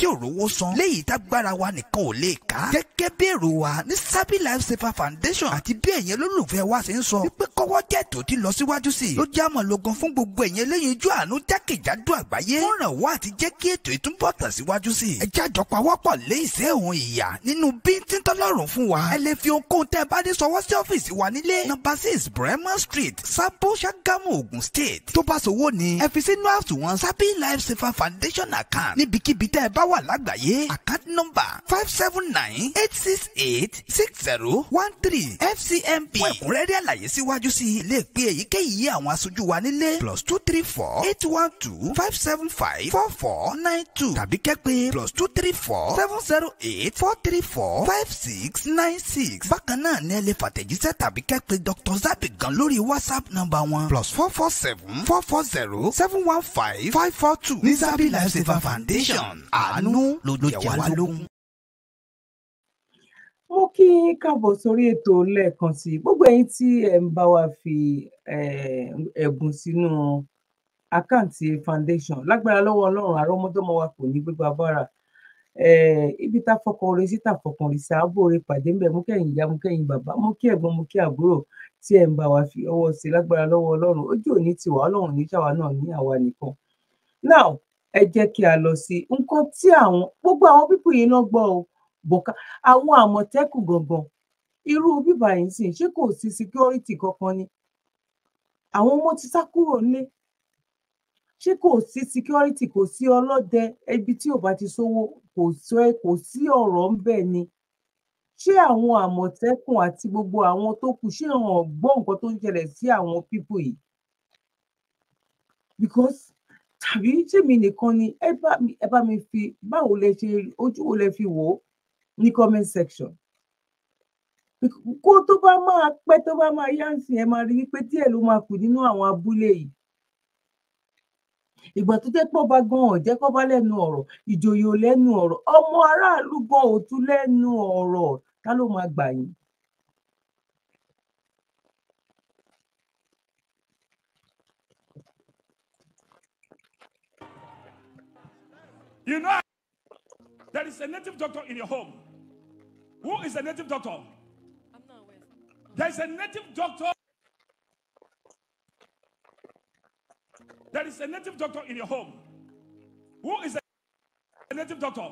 tí ò rówó san léyìí tágbára wa nìkan ò lè ká. gẹ́gẹ́ bí èrò wa ní Sabi Lifesaver Foundation àti bí ẹ̀yin olólùfẹ́ wa ṣe ń sọ wípé kọ́wọ́ jẹ́ tòótí lọ síwájú sí i ló jẹ́ àmọ̀ lọ́gán fún gbogbo ẹ̀yin eléyìí ojú àánú jákèjádò àgbáyé wọ́n ràn wá àti jẹ́ kí ètò ìtúbọ̀ tẹ̀síwájú sí i. ẹ jẹ́ àjọpawọ́pọ̀ lé ìṣe òun ìyà nínú bíntín tọ́lọ́run fún wa. ẹ lè fi ohunkóhun tẹ́ ẹ bá ní sọwọ́ sí ọ́fíìsì wa nílé number six Bremen Street Sabo Sagamu Ogun State tó bá sowó ni ẹ fi sínú àsùnwọ̀n Sabi Lifesaver Foundation account níbikíbi tẹ́ ẹ bá wà wà lágbàáyé account number five seven nine eight six eight six zero one three fcmb fún ẹ̀kúnrẹ́rẹ́ àlàyé síwájú sí i lè pe èyíkéyìí àwọn aṣojú wa nílé plus two three four eight one two five seven five four four nine two tàbí kẹ́pẹ́ plus two three four seven zero eight four three four five six nine six bákan náà ní ẹ lè fàtẹ̀jíṣẹ́ tàbí kẹ́pẹ́ Dr. Zabby gan lórí whatsapp nọ́mbà wọn plus four four seven four four zero seven one five five four two ní Zabby Lifesaver Foundation àánú àánú ló jẹ wá lógún. mo kí yín káàbọ̀ sórí ètò lẹ́ẹ̀kan sí i gbogbo ẹ̀yin tí ẹ̀ ń bá wa fi ẹ̀bùn sínú àkáǹtì foundation lágbára lọ́wọ́ ọlọ́run àrọ́mọdọ́mọ wa kò ní gbégbá bára ibi tá fọkàn orin síta fọkàn orin sáàbò orin pàdé ń bẹ mú kẹyìn ìyá mú kẹyìn bàbá mú kí ẹ̀gbọ́n mú kí àbúrò tí ẹ ń bá wa fi ọwọ́ sí lágbára lọ́wọ́ ọlọ́run ojú òní tiwa ọlọ́run ní ṣàwa náà ní àwa nìkan now ẹ jẹ́ kí a lọ sí nǹkan tí àwọn gbogbo àwọn pípọ̀ yìí náà gbọ́ ọ bọ̀ká àwọn àmọ̀tẹ́kùn gangan irú bíbá yìí sì ṣé kò sí síkírọ́rìtì kankan ni àwọn ọmọ ti sá kúrò nílé ṣé kò sí síkírọ́rìtì kò sí ọlọ́dẹ ibi tí ò bá ti sówó kò sọ ẹ kò sí ọ̀rọ̀ ńbẹ̀ ni ṣé àwọn àmọ̀tẹ́kùn àti gbogbo àwọn tó kù ṣé hàn gbọ́ nǹkan tó ń ṣẹlẹ̀ sí àwọn pípọ̀ yìí because tàbí tèmi nìkan ni ẹ bá mi ẹ bá mi fi báwo lẹ ṣe ojú wo lẹ fi wò ó ní comment section kó tó bá máa pẹ́ tó bá máa yá ǹsìn ẹ máa rí wípé díẹ̀ ló máa kù nínú àwọn abúlé yìí ìgbà tó jẹ́ pọ̀ bá gan ọ̀ jẹ́ kọ́ bá lẹ́nu ọ̀rọ̀ ìjòyè ò lẹ́nu ọ̀rọ̀ ọmọ aráàlú gan ò tún lẹ́nu ọ̀rọ̀ ta ló máa gbà yín You know, there is a native doctor in your home. Who is a native doctor? I'm not aware. There is a native doctor. There is a native doctor in your home. Who is a native doctor?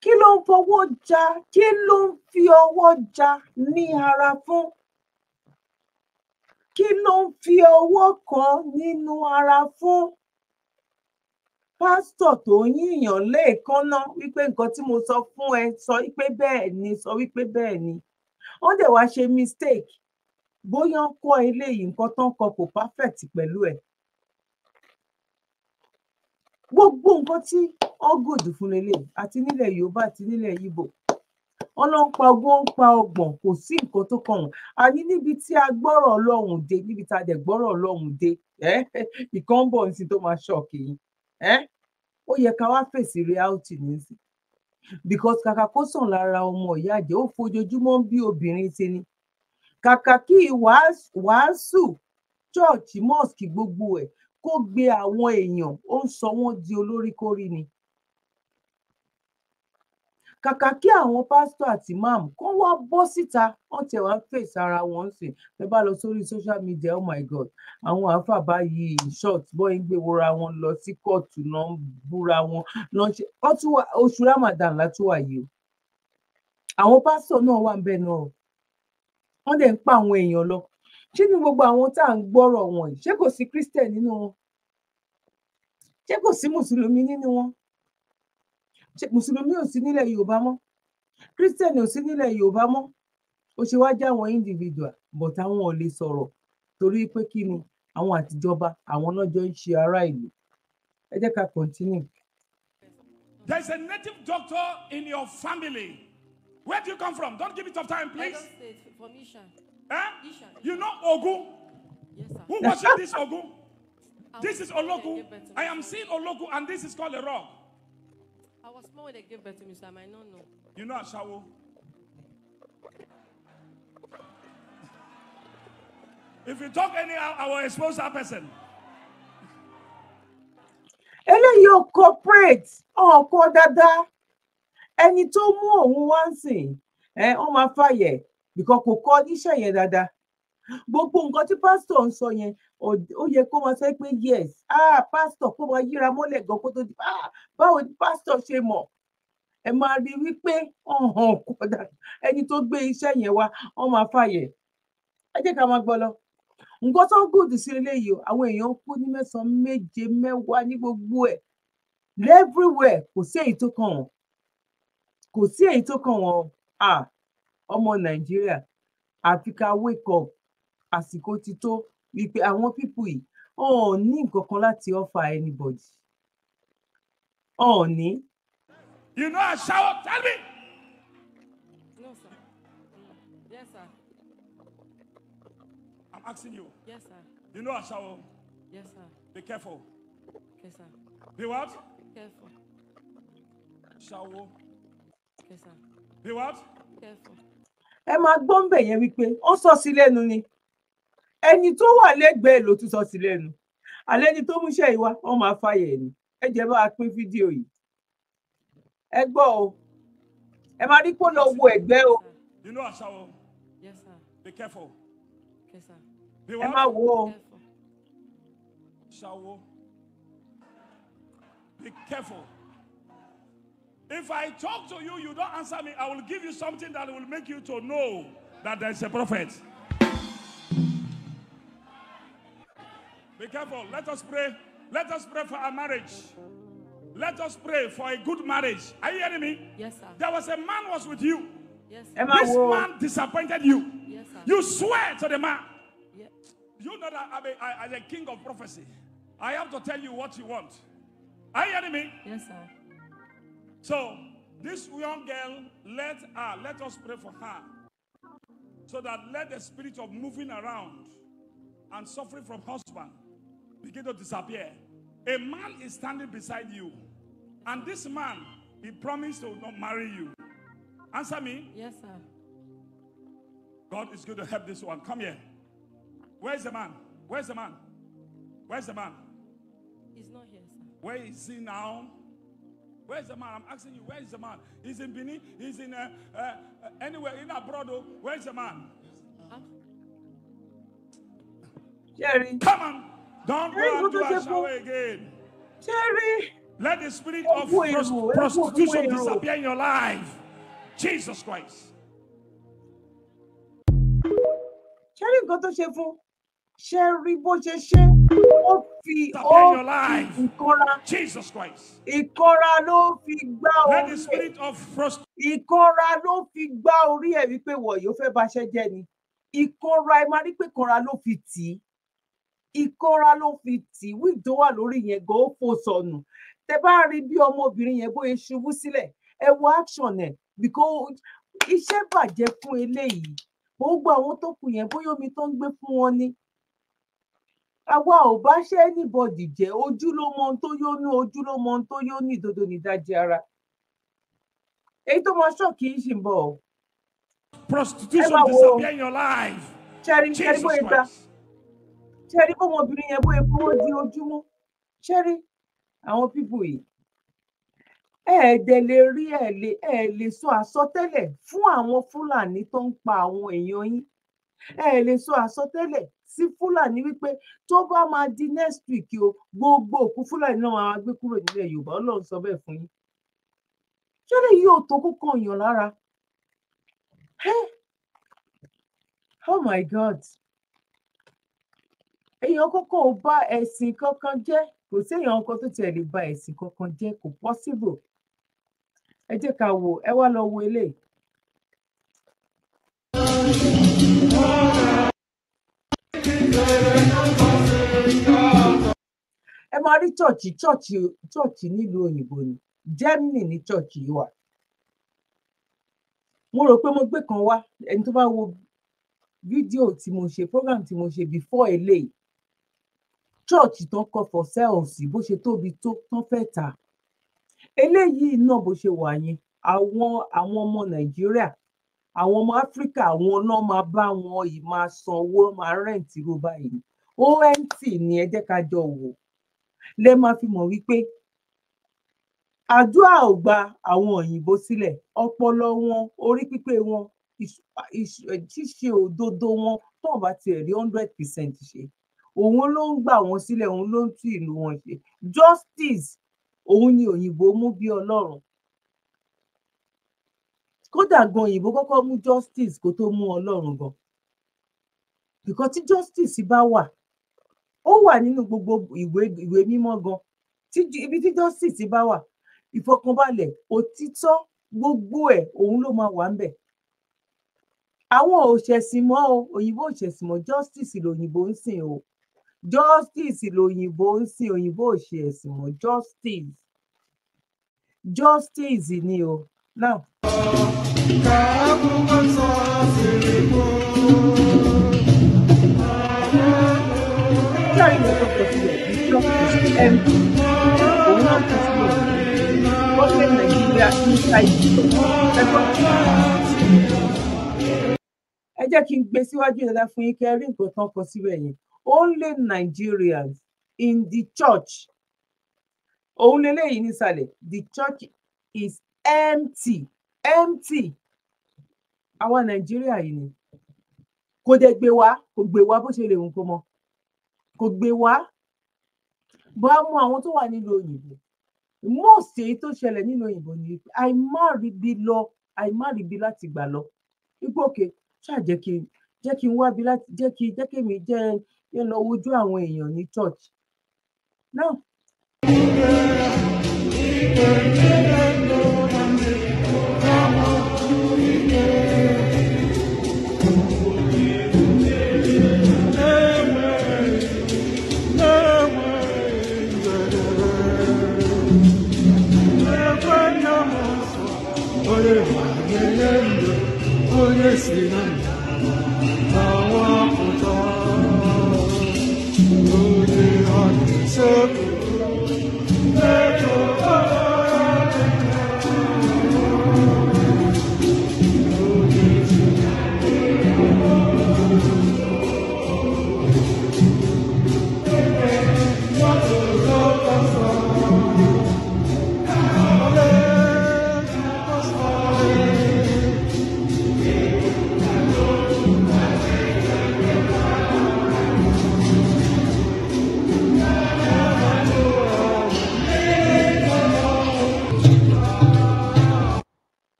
Kí ló ń fọwọ́ ja? Kí ló ń fi ọwọ́ ja ní ara fún? Kí ló ń fi ọwọ́ kan nínú ara fún? pásítọ̀ tó yíyàn lẹ́ẹ̀kanná wípé nǹkan tí mo sọ fún ẹ sọ wípé bẹ́ẹ̀ ni sọ wípé bẹ́ẹ̀ ni wọ́n dẹ̀ wá ṣe mistake bóyá ń kọ́ eléyìí nǹkan tó kọ kò perfect pẹ̀lú ẹ̀ gbogbo nǹkan tí ọgòdì fún lélẹ̀ àti nílẹ̀ Yorùbá àti nílẹ̀ Ìgbò ọlọ́npa ogún ó ń pa ọgbọ̀n kò sí nǹkan tó kàn wọ́n àní níbi tí a gbọ́rọ̀ Ọlọ́run dé níbi tá a dẹ̀ gbọ́rọ̀ Ọlọ́run dé ìkan ń tó máa ṣọ̀kì yín ó yẹ ká wá fèsì reality nísì because kàkà kó sàn lára ọmọ ìyá jẹ ó fojoojúmọ́ bí obìnrin ti ni kàkà kí wàásù church mosque gbogbo ẹ̀ kó gbé àwọn èèyàn ó ń sọ wọ́n di olóríkórí ni kàkà kí àwọn pásítọ̀ àti imam kán wá bọ́ síta wọ́n tiẹ̀ wá ń fèsì ara wọn sìn ẹ bá lọ sórí social media oh my god àwọn àáfàá báyìí in short bọ́yìn gbéwòra wọn lọ sí kóòtù náà ń búra wọn lọ́nṣẹ́ oṣù ramadan látúwà yìí o àwọn pásítọ̀ náà wà ń bẹ̀ náà wọ́n dẹ̀ ń pa àwọn èèyàn lọ ṣé ní gbogbo àwọn tá à ń gbọ́rọ̀ wọn ṣé kò sí christian nínú wọn ṣé kò sí mùsùlùmí nínú wọn mùsùlùmí ò sí nílẹ̀ yorùbá mọ́ kírísítẹ̀nì ò sí nílẹ̀ yorùbá mọ́ ó ṣe wá jẹ́ àwọn individual but àwọn ò lè sọ̀rọ̀ torí pé kí ni àwọn àtijọba àwọn lọ́jọ́ ń ṣe ará ìlú ẹ jẹ́ ká continue. there is a native doctor in your family where do you come from don't give me tough time please. Lagos state from Ishan. Eh? you know Ogun. Yes, who worship this Ogun. this is Ologun I am seeing Ologun and this is called a rock. I was small when they gave birth to me, so I might not know. You know Ashawo? if you talk anyhow, I will expose that person. eléyìí ò corporate Oh, dáadáa ẹni tó mú òun wá ń sìn ẹ wọn máa fàyè bìkan kò kọ níṣẹ́ yẹn dáadáa gbogbo nǹkan tí pásítọ̀ ń sọ ó yẹ kó wọn sọ pé yes ah pastor kó wọn yíra mọ́lẹ̀ gan kó tó di ah báwo ni pásítọ̀ ṣe mọ̀ ẹ máa rí wípé ọ̀hún kódà ẹni tó gbé iṣẹ́ yẹn wá wọ́n máa fàyẹ̀ ẹ jẹ́ ká máa gbọ́ lọ nǹkan tó ń gòdì sí eléyìí àwọn èèyàn kú ní mẹ́sàn-án méje mẹ́wàá ní gbogbo ẹ̀ everywhere kò sí èyí tó kàn wọ́n kò sí èyí tó kàn wọ́n ah, ọmọ nàìjíríà àfi wake up àsìkò ti tó wípé àwọn pípù yìí ọ̀ ní nǹkan kan láti offer anybody ọ̀ ní. You know I shower. tell me. No, sir. Yes, sir. I'm asking you. Yes, sir. You know I shower. Yes, sir. Be careful. Yes, sir. Be what? Careful. Shower. Yes, sir. Be what? Careful. Ẹ máa gbọ́ ń bẹ̀ yẹn wípé ó sọ sí lẹ́nu ni ẹni tó wà lẹ́gbẹ̀ẹ́ ló tún sọ sí lẹ́nu alẹ́ ni tó múṣẹ́ ìwà wọ́n máa fàyè ẹ̀ ni ẹ jẹ́ bá a pín fídíò yìí ẹ gbọ́ o ẹ máa rí polówó ẹgbẹ́ o. you know àṣà o. yes sir. be careful. yes sir. be what. ẹ máa wo o. be careful. If I talk to you, you don't answer me, I will give you something that will make you to know that there is a prophet. Be careful. Let us pray. Let us pray for our marriage. Let us pray for a good marriage. Are you hearing me? Yes, sir. There was a man was with you. Yes, sir. This man disappointed you. Yes, sir. You swear to the man. Yes. You know that I'm a, i am am a king of prophecy. I have to tell you what you want. Are you hearing me? Yes, sir. So this young girl, let her, let us pray for her. So that let the spirit of moving around and suffering from husband begin to disappear. A man is standing beside you, and this man, he promised to not marry you. Answer me. Yes, sir. God is going to help this one. Come here. Where's the man? Where's the man? Where's the man? He's not here, sir. Where is he now? Where's the man? I'm asking you, where is the man? He's in Benin, he's in uh, uh, anywhere, in abroad. Oh. Where's the man? Huh? Jerry. Come on. Don't go to Ashawe again. Jerry. Let the spirit oh, of pros- prostitution disappear in your life. Jesus Christ. Ṣé rí nǹkan tó ṣe fún? Ṣé rí ló fi gbá orí ẹ̀. Let the spirit of prostitution. Ìkọra ló fi gbá orí ẹ̀ wípé wọ̀nyí ó fẹ́ baṣẹ́ jẹ́ ni. Ìkọra ẹ máa rí pé ìkọra ló fi tì í ìkóra ló fi tì wíìdó wà lórí yẹn gan ó fò sọnù tẹ bá rí bí ọmọbìnrin yẹn bóyá ṣubú sílẹ̀ ẹ wo action ẹ because iṣẹ́ bàjẹ́ fún eléyìí gbogbo àwọn tó kù yẹn bóyá omi tó ń gbé fún wọn ni àwa ò bá ṣe anybody jẹ ojú ló mọ ohun tó yónú ojú ló mọ ohun tó yónú ìdodo nídajì ara èyí tó mọ ṣọ́ọ̀kì yìí ṣì ń bọ̀. prostitution disappear in your life. ṣẹ́rí ṣẹ́rí bóyá ta ṣe rí bọ́mọ obìnrin yẹn bóyá kówó di ojúmọ́ ṣe rí àwọn pípò yìí ẹ ẹ dẹ lè rí ẹ lè ẹ lè sọ àsọtẹ́lẹ̀ fún àwọn fúlàní tó ń pa àwọn èèyàn yín ẹ lè sọ àsọtẹ́lẹ̀ sí fúlàní wípé tó bá máa di next week o gbogbo òkú fúlàní náà máa gbé kúrò nílẹ̀ yorùbá Ọlọ́run sọ bẹ́ẹ̀ fún yín ṣé lè yóò tó kókó èèyàn lára oh my god èèyàn kankan ò bà ẹ̀sìn kankan jẹ́ kò sí èèyàn kan tó tiẹ̀ lè bà ẹ̀sìn kankan jẹ́ kò possible ẹ jẹ́ ká wò ẹ wá lọ wo eléyìí. ẹ máa rí chọ́ọ̀chì chọ́ọ̀chì chọ́ọ̀chì nílùú òyìnbó ni Germany ní chọ́ọ̀chì yìí wà mo rò pé mo gbé kan wá ẹni tó bá wo fídíò tí mo ṣe program tí mo ṣe before eléyìí church tán kọ́ for sales bó ṣe tóbi tó tán fẹ́ tà eléyìí náà bó ṣe wà yẹn àwọn àwọn ọmọ nàìjíríà àwọn ọmọ áfíríkà àwọn náà máa bá wọn yìí máa sanwó máa rẹǹtì irú báyìí ont ni ẹ jẹ́ ká jọ wò lẹ máa fi mọ̀ wípé àdúrà ò gba àwọn òyìnbó sílẹ̀ ọpọlọ wọn orí pípé wọn ṣíṣe òdodo wọn tó bá tiẹ̀ rí hundred percent ṣe òun ló ń gbà wọ́n sílẹ̀ òun ló ń tú ìlú wọn ṣe justice òun ni òyìnbó mú bí ọlọ́run kódà gan òyìnbó kọ́kọ́ mú justice kó tó mú ọlọ́run gan because tí justice bá wà ó wà nínú gbogbo ìwé ìwé mímọ́ gan tí ibi tí justice bá wà ìfọkànbalẹ̀ òtítọ́ gbogbo ẹ̀ òun ló máa wà ń bẹ̀ àwọn òṣèṣìmọ òyìnbó òṣèṣìmọ justice lòyìnbó ń sìn o justice lòyìnbó ń sìn òyìnbó ò ṣe ẹ̀sìn mọ́ justice justice ni o now. kàákùnkùn sọ sílẹ̀ kó. ẹ jẹ́ kí n gbé síwájú ìdájá fún yín kẹ́ rí nǹkan tán kọ síbẹ̀ yẹn only Nigerians in the church òun leléyìí nísàlẹ̀ the church is empty empty àwa Nàìjíríà yìí ni kò dẹ̀ gbé wá kò gbé wá bó ṣe lè hùn kó mọ kò gbé wá bá mú àwọn tó wà nílùú òyìnbó most èyí tó ṣẹlẹ̀ nílùú òyìnbó ni àìmárìbí lọ àìmárìbí láti gbà lọ igbóke ṣáà jẹ́ kí jẹ́ kí n wá bí láti jẹ́ kí jẹ́ kí mi jẹ́ yé lọ wojú àwọn èèyàn ní church náà. Onye si na ndụ,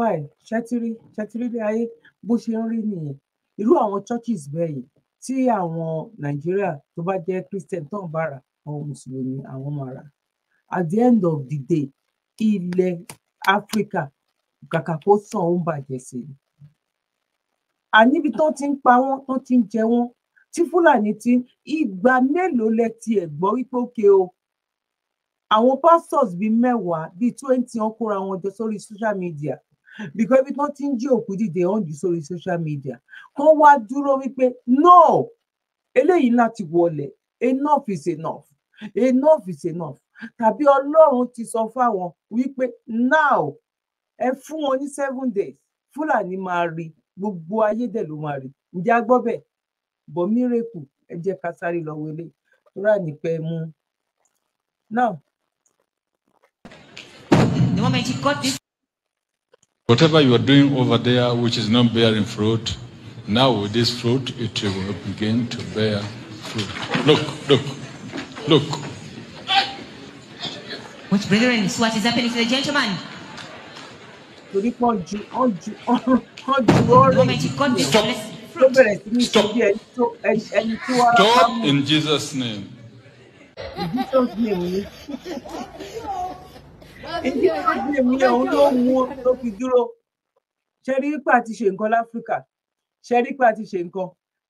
wà yìí ṣẹtírí ṣẹtírí ilé ayé bó ṣe ń rí nìyẹn irú àwọn churches bẹ́ẹ̀ yìí tí àwọn nàìjíríà tó bá jẹ́ christian tó ń bára àwọn mùsùlùmí àwọn máa rà at the end of the day ilẹ̀ Africa, kàkà kó sàn ó ń bàjẹ́ sí i àníbi tó ti ń pa wọ́n tó ti ń jẹ wọ́n tí fúlàní ti ìgbà mélòó lẹ ti ẹ̀ gbọ́ wípé òkè o àwọn pastors bíi mẹ́wàá bíi twenty wọn kóra wọn jọ sórí social media because ibi tí wọ́n ti ń jí òkú dìde wọ́n jù sórí social media kán wá dúró wípé no eléyìí láti wọlé enough is enough enough is enough tàbí ọlọ́run ti sọ fáwọn wípé now ẹ fún wọn ní seven days fúlàní máa rí gbogbo ayé dẹ̀ ló máa rí ǹjẹ́ a gbọ́ bẹ́ẹ̀ bọ̀ mírèkù ẹ jẹ́ ká sáré lọ wọlé tó rà ní pẹ́ mú now. The moment he cut this. Whatever you are doing over there, which is not bearing fruit, now with this fruit, it will begin to bear fruit. Look, look, look. What, brethren, what is happening to the gentleman? Stop! Stop! Stop In Jesus' name. ìdí àgbè mi yẹn òun ló mú ló fi dúró ṣe rí ipa ti ṣe nǹkan láfíríkà ṣe rí ipa ti ṣe nǹkan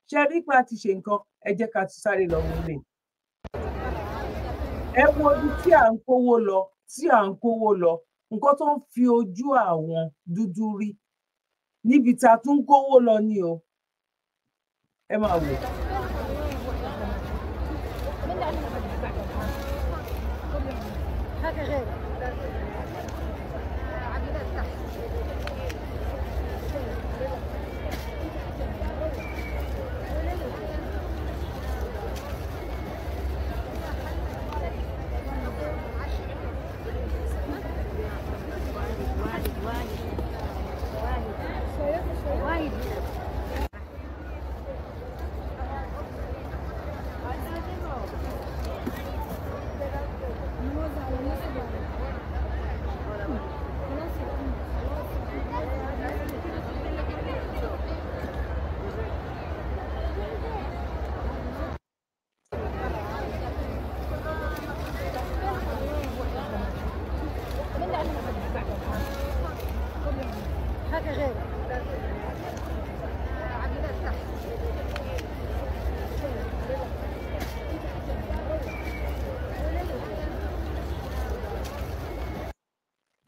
ṣe rí ipa ti ṣe nǹkan ẹ jẹ́ ká tún sáré lọ wọlé ẹ wo ibi tí à ń kówó lọ tí à ń kówó lọ nǹkan tó ń fi ojú àwọn dúdú rí níbi tá a tún kówó lọ ni o ẹ máa wò. Thank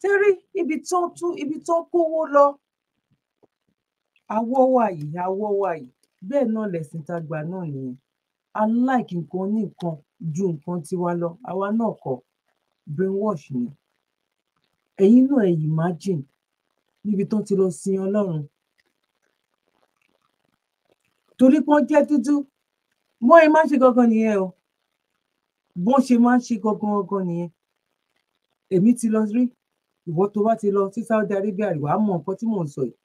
tẹ́rí ibi tó tú ibi tó kówó lọ awọ́ wà yìí awọ́ wà yìí bẹ́ẹ̀ náà lẹ̀sìn tá a gbà náà nìyẹn unlike nǹkan ní nǹkan ju nǹkan tiwa lọ àwa náà kọ brainwash ni ẹ̀yin náà ẹ̀ imagine níbi tán ti lọ sin ọlọ́run torí pọ́n jẹ́ dúdú bọ́n ẹ má ṣe gangan nìyẹn o bọ́n ṣe má ṣe gangan gangan nìyẹn èmi ti lọ rí ìwọ tó bá ti lọ sí Saudi Arabia rẹ wàá mọ nǹkan tí mò ń sọ yìí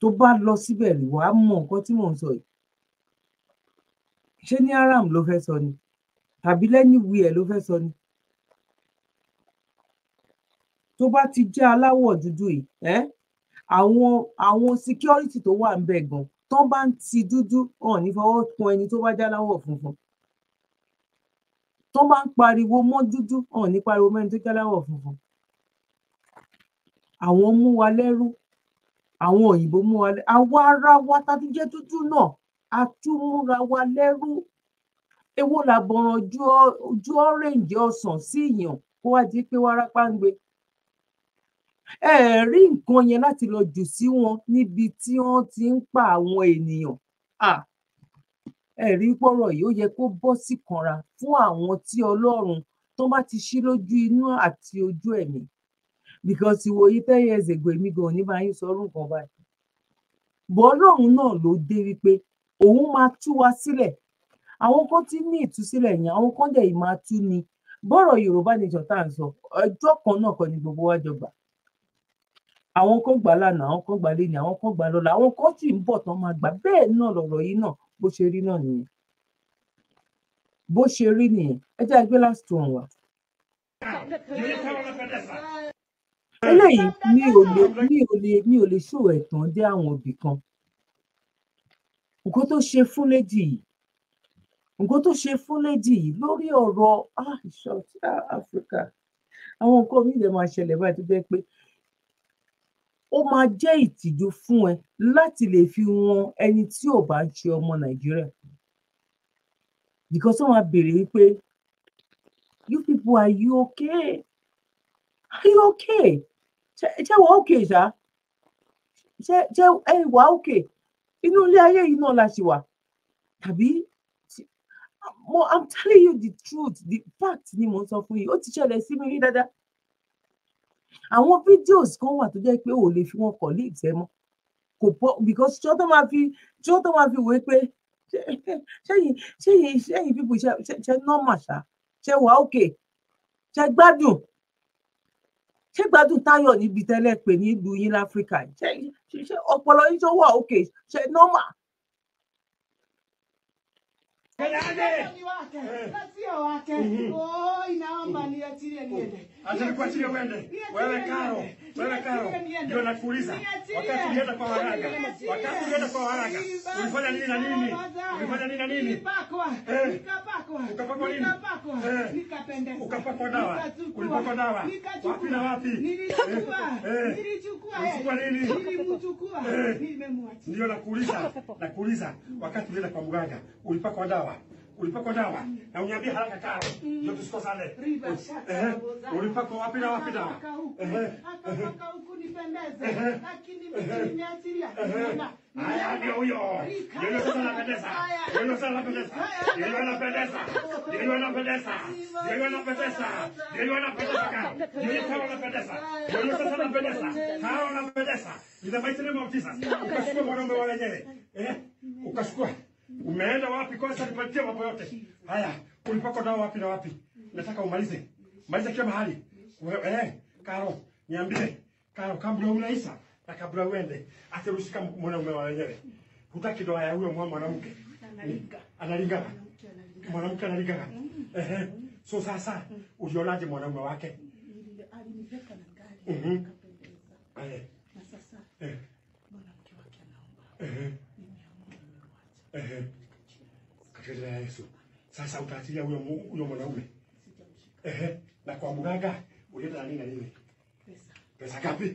tó bá lọ síbẹ̀ rẹ wàá mọ nǹkan tí mò ń sọ yìí ṣé ní Haram ló fẹ́ sọ ni tàbí lẹ́ni wi ẹ̀ ló fẹ́ sọ ni tó bá ti jẹ́ aláwọ̀ dúdú yìí ẹ́ àwọn àwọn security tó wà ń bẹ̀ gan tán bá ń ti dúdú hàn ní fọwọ́ kan ẹni tó bá jẹ́ aláwọ̀ funfun tán bá ń pariwo mọ́ dúdú hàn ní pariwo mẹ́ni tó jẹ́ aláwọ̀ funfun àwọn mú wa lẹ́rú àwọn òyìnbó mú wa lẹ́rú àwa ara wa ta ti jẹ́ dúdú náà a tún múra wa lẹ́rú èwo làbọ̀ràn ju ọ́rẹ́ǹjì ọsàn sí ìyàn kó wá di pé wàrà páńgbé ẹ rí nǹkan yẹn láti lọ jù sí wọn níbi tí wọ́n ti ń pa àwọn ènìyàn ẹ rí pọ̀rọ̀ yìí ó yẹ kó bọ́ sí kanra fún àwọn tí Ọlọ́run tó bá ti ṣí lójú inú àti ojú ẹ̀mí because ìwòyí ten years gbọ èmi gan ní bá sọ sọrú nǹkan báyìí bọ́ ọlọ́run náà ló dé wípé òun máa tú wa sílẹ̀ àwọn kan ti ní ìtúsílẹ̀ yẹn àwọn kan dẹ̀ ìmá tú ni bọ́rọ̀ yorùbá nation tá à ń sọ ọjọ́ kan náà kọ́ ni gbogbo wa jọ gbà àwọn kan gbà lánàá àwọn kan gbà lẹ́yìn àwọn kan gbà lọ́la àwọn kan sì ń bọ̀ tán máa gbà bẹ́ẹ̀ náà lọ̀rọ̀ yìí náà bó ṣe rí náà nìyẹn bó ṣe rí nìyẹn ẹ jẹ́ àgbẹ̀ last wa. eléyìí mi ò lè mi ò lè ṣòwò ẹ̀tàn dé àwọn òbí kan nǹkan tó ṣe fún lédì yìí nǹkan tó ṣe fún lédì yìí lórí ọ̀rọ̀ Africa ah, ah, àwọn nǹkan mi lè máa ṣẹlẹ̀ báyìí tó jẹ́ pé ó máa jẹ́ ìtìjú fún ẹ láti lè fi wọn ẹni tí ò bá ṣe ọmọ Nàìjíríà because wọ́n máa béèrè wípé you people are you okay are you okay ṣé wà òkè ṣá ṣé ẹ wà òkè inú ilé ayé yìí náà la ṣì wà tàbí mo i'm telling you the truth the fact ni mo sọ fún yìí ó ti ṣẹlẹ̀ sí mi rí dáadáa àwọn videos kan wà tó jẹ́ pé ò lè fi wọn kọ̀ ní ìfẹ́ mọ́ kò pọ̀ because ṣé tó máa fi ṣé tó máa fi wòye pé ṣẹ́yìn ṣẹ́yìn ṣẹ́yìn people ṣe ṣe normal ṣá ṣe wà okay ṣe gbádùn ṣé gbádùn táyọ̀ níbi tẹ́lẹ̀ pé ní ìlú yín láfíríkà ṣe ṣe ọpọlọ yín tó wà òkè ṣe nọ́mà. Ẹ̀yà Adé! Láti ọ̀wá kẹ́, ó ìnáwó bá ní ẹtí rẹ̀ ní ẹ̀dẹ̀. Atanikuachilia uende. Wewe Karo, wewe Karo, ndio nakuuliza. Wakati ulienda kwa waraka, wakati ulienda kwa waraka, ulifanya nini na nini? Ulifanya nini na nini? Nikapakwa. Nikapakwa. Eh. Ukapakwa nini? Nikapakwa. Eh. Nikapendeza. Ukapakwa dawa. Ulipakwa dawa. Wapi na wapi? Nilichukua. Eh. Nilichukua. Nilichukua nini? Nilimchukua. Nimemwacha. Ndio nakuuliza. Nakuuliza wakati ulienda kwa mganga, ulipakwa dawa ulipako dawa na uniambie haraka tano ndio tusikosane. Ulipako wapi na wapi dawa? Akapaka huku nipendeze, lakini mimi nimeachilia. Haya, ndio huyo yule, sasa anapendeza yule, sasa anapendeza yule, anapendeza yule, anapendeza yule, anapendeza yule, anapendeza yule, sasa anapendeza yule, sasa anapendeza sasa anapendeza, in the mighty name of Jesus. Ukachukua mwanaume wa wenyewe eh, ukachukua Umeenda wapi? Kwanza nipatie mambo yote haya, ulipako nao wapi na wapi? Nataka umalize maliza kila mahali. Eh, Karo, niambie Karo, kabla unaisa na kabla uende, acha ushika mwanaume wa wenyewe. Hutaki ndoa ya huyo mwanamke Analinga. Analinga. mwanamke analinga. Eh, so sasa ulionaje mwanaume wake? Alinipeka na gari mm-hmm. Eh. makelele ya Yesu. Sasa utaachilia huyo huyo mwanaume. Ehe, na kwa mganga ulienda na nini na nini? Pesa. Pesa ngapi?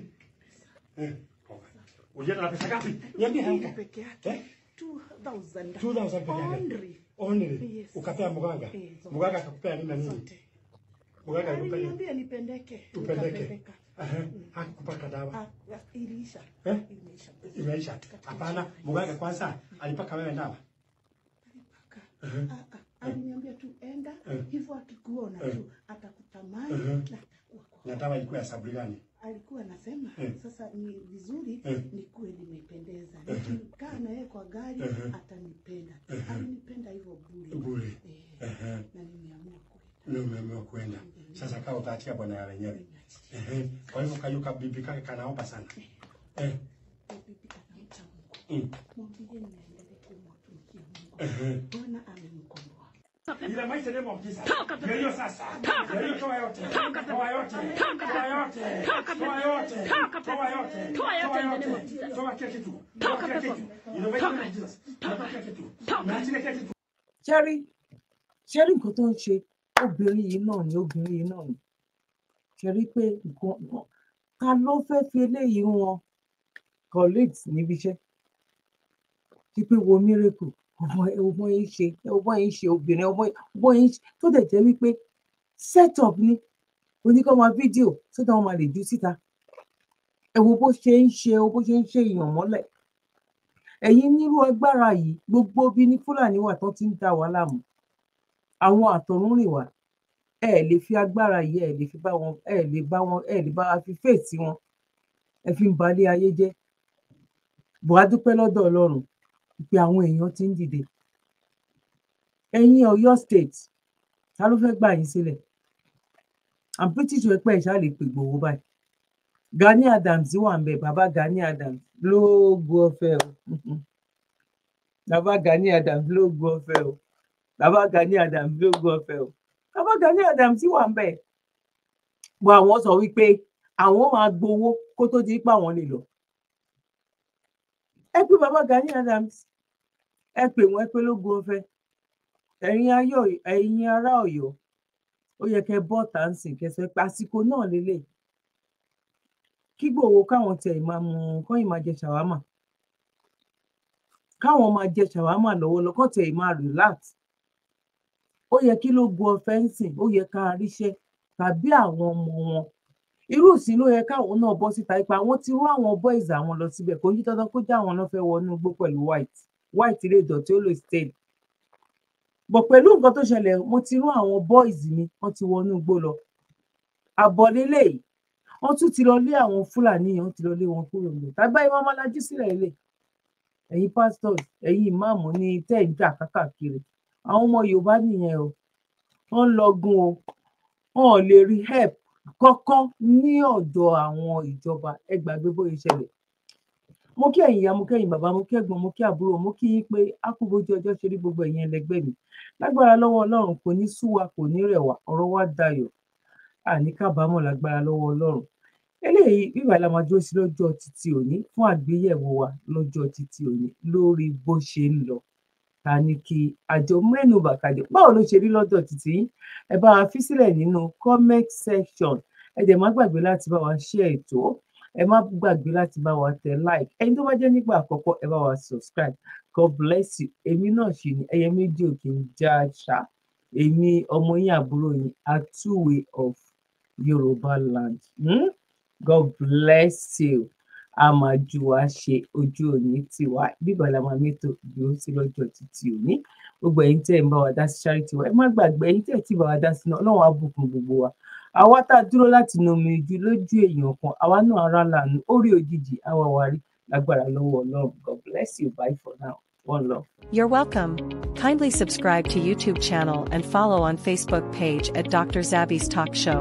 Pesa. Eh. Ulienda na pesa ngapi? Niambie haraka. Peke yake. Eh? 2000. 2000 peke yake. Only. Only. Yes. Ukapea mganga. Eh, mganga akakupea nini na nini? Mganga alikupea. Niambia nipendeke. Tupendeke. Mm. Hakupaka dawa. ilisha. Eh? Ilisha. Imeisha. Hapana, mganga kwanza alipaka wewe dawa. -huh. Ah, ah, ah, aliniambia tu enda uh -huh. hivyo akikuona uh -huh. tu uh-huh. atakutamani uh -huh. na tamaa ilikuwa ya sabri gani? Alikuwa anasema uh sasa ni vizuri uh -huh. nikuwe nimependeza uh -huh. nikikaa na yeye kwa gari uh atanipenda uh alinipenda hivyo bure bure eh, na nimeamua kwenda, nimeamua kwenda uh Sasa kaa utaachia bwana ya wenyewe uh kwa hivyo kayuka bibi kake kanaomba sana eh. -huh. Eh. eh bibi kanaomba Mungu mm. mwambie Bwana amemkomboa. Ila maisha nemo mkisa. Toka toka. Yeye sasa. Toka toka. Toa yote. Toka toka. Toa yote. Toa yote. Toa yote. Toa yote. Toa yote nemo mkisa. Toa kile kitu. Toka toka. Ila maisha nemo mkisa. Toka kile kitu. Toka kile kitu. Jerry. Jerry nǹkan tó ń ṣe obìnrin yìí náà ni obìnrin yìí náà ni. Jerry pe nǹkan ta ló fẹ́ fi eléyìí wọn colleagues níbi iṣẹ́. Ti pé wo miracle ọmọ yìí ṣe ọmọ yìí ṣe obìnrin ọmọ yìí tó dẹ̀ jẹ́ wípé set up ni oníkọ́ máa fídíò tó dá wọn máa lè ju síta ẹ wo bó ṣe ń ṣe bó ṣe ń ṣe èèyàn mọ́lẹ̀ ẹ̀yin nírú agbára yìí gbogbo bí ní fúlàní wà tó ti ń dà wá láàmú àwọn àtọ̀rúnrìn wà ẹ lè fi agbára yìí ẹ lè fi bá wọn ẹ lè bá wọn ẹ lè bá fi fèètì wọn ẹ fi ń balẹ̀ ayé jẹ́ bùhá lọ́dọ̀ ọlọ́run pé àwọn èèyàn ti ń dìde ẹ̀yin Ọ̀yọ́ state ta ló fẹ́ẹ́ gbà yín sílẹ̀ i'm pretty sure pé ẹ ṣáà lè pè gbowó báyìí Gani Adams wà ń bẹ bàbá Gani Adams ló gu ọ̀fẹ́ o bàbá Gani Adams ló gu ọ̀fẹ́ o bàbá Gani Adams ló gu ọ̀fẹ́ o bàbá Gani Adams wà ń bẹ bọ àwọn sọ wípé àwọn máa gbowó kó tó di pé àwọn lè lọ ẹ pé bàbá Gani Adams ẹ pè wọn pé lógun ọ̀fẹ́ ẹ̀yin ayọ ẹ̀yin ará Ọ̀yọ́ ó yẹ kẹ́ bọ tàǹsìn kẹsàn pé àsìkò náà lélẹ̀ kí Ìgbòho káwọn tẹ ìmọ mú kọ ìmọ jẹ ṣàwámà káwọn máa jẹ ṣàwámà lọ́wọ́lọ́wọ́ tẹ ìmọ relax ó yẹ kí lógun ọ̀fẹ́ ń sìn ó yẹ ká ríṣẹ́ tàbí àwọn ọmọ wọn irú sí ló yẹ káwọn náà bọ́ síta ipa àwọn ti rán àwọn boys àwọn lọ síbẹ̀ kò ní dandan kó já àwọn lọ fẹ́ wọnú igbó pẹ̀lú white white lè dọ̀tí ó lè stain bọ̀ pẹ̀lú nǹkan tó ṣẹlẹ̀ mo ti rún àwọn boys mi wọ́n ti wọnú igbó lọ àbọ̀lélẹ̀ yìí wọ́n tún ti lọ lé àwọn fúlàní yẹn wọ́n ti lọ lé wọn kúrò lọ tágbáyé wọn máa lajú sílẹ̀ ilé ẹ̀yin pastors ẹ̀yin ìmáàmù ní tẹ́ǹtà kákàkiri àwọn ọmọ yorùbá nìyẹn o wọ́n lọ gun o wọn ò lè rí help kọ́kọ́ ní ọ̀dọ̀ àwọn ìjọba ẹ gbàgbé bóyá ṣẹlẹ̀ mo kí ẹ̀yin ìyá mo kí ẹ̀yin bàbá mo kí ẹ̀gbọ́n mo kí àbúrò mo kí yín pé a kú bójú ọjọ́ ṣe rí gbogbo ẹ̀yin ẹlẹgbẹ́ mi lágbára lọ́wọ́ Ọlọ́run kò ní sú kò ní rẹ̀ wá wa dayọ̀ àní lágbára lọ́wọ́ Ọlọ́run eléyìí bíbá la máa dúró sí lọ́jọ́ títí òní fún àgbéyẹ̀wò wa lọ́jọ́ títí òní lórí bó ṣe ń lọ ta ni kí àjọ mẹ́nubà kàjọ báwo ló ṣe rí lọ́jọ́ títí ẹ bá wa fi sílẹ̀ nínú comment section ẹ dẹ̀ má gbàgbé láti bá wa share ètò ẹ má gbàgbé láti bá wa tẹ like ẹni tó bá jẹ́ nígbà àkọ́kọ́ ẹ bá wa subscribe god bless you èmi náà ṣì ní ẹyẹ méjì ò kì í já àṣà èmi ọmọ yín àbúrò yín atúwe of yorùbá land hmm? god bless you a máa ju wa ṣe ojú òní tiwa bíbá la máa mẹ́tò dúró sí lọ́jọ́ títí òní gbogbo ẹ̀yin tẹ́ ẹ̀ ń bá wa dá sí charity wa ẹ má gbàgbé ẹ̀yin tẹ́ ẹ̀ tí bá wa dá sí náà ọlọ́run á bùkún gbogbo wa. àwa tá a dúró láti lójú èèyàn kan àwa náà ara lànà orí òjijì àwa wárí lágbára lọ́wọ́ ọlọ́run god bless you bye for now. You're welcome. Kindly subscribe to YouTube channel and follow on Facebook page at Dr. Zabby's Talk Show.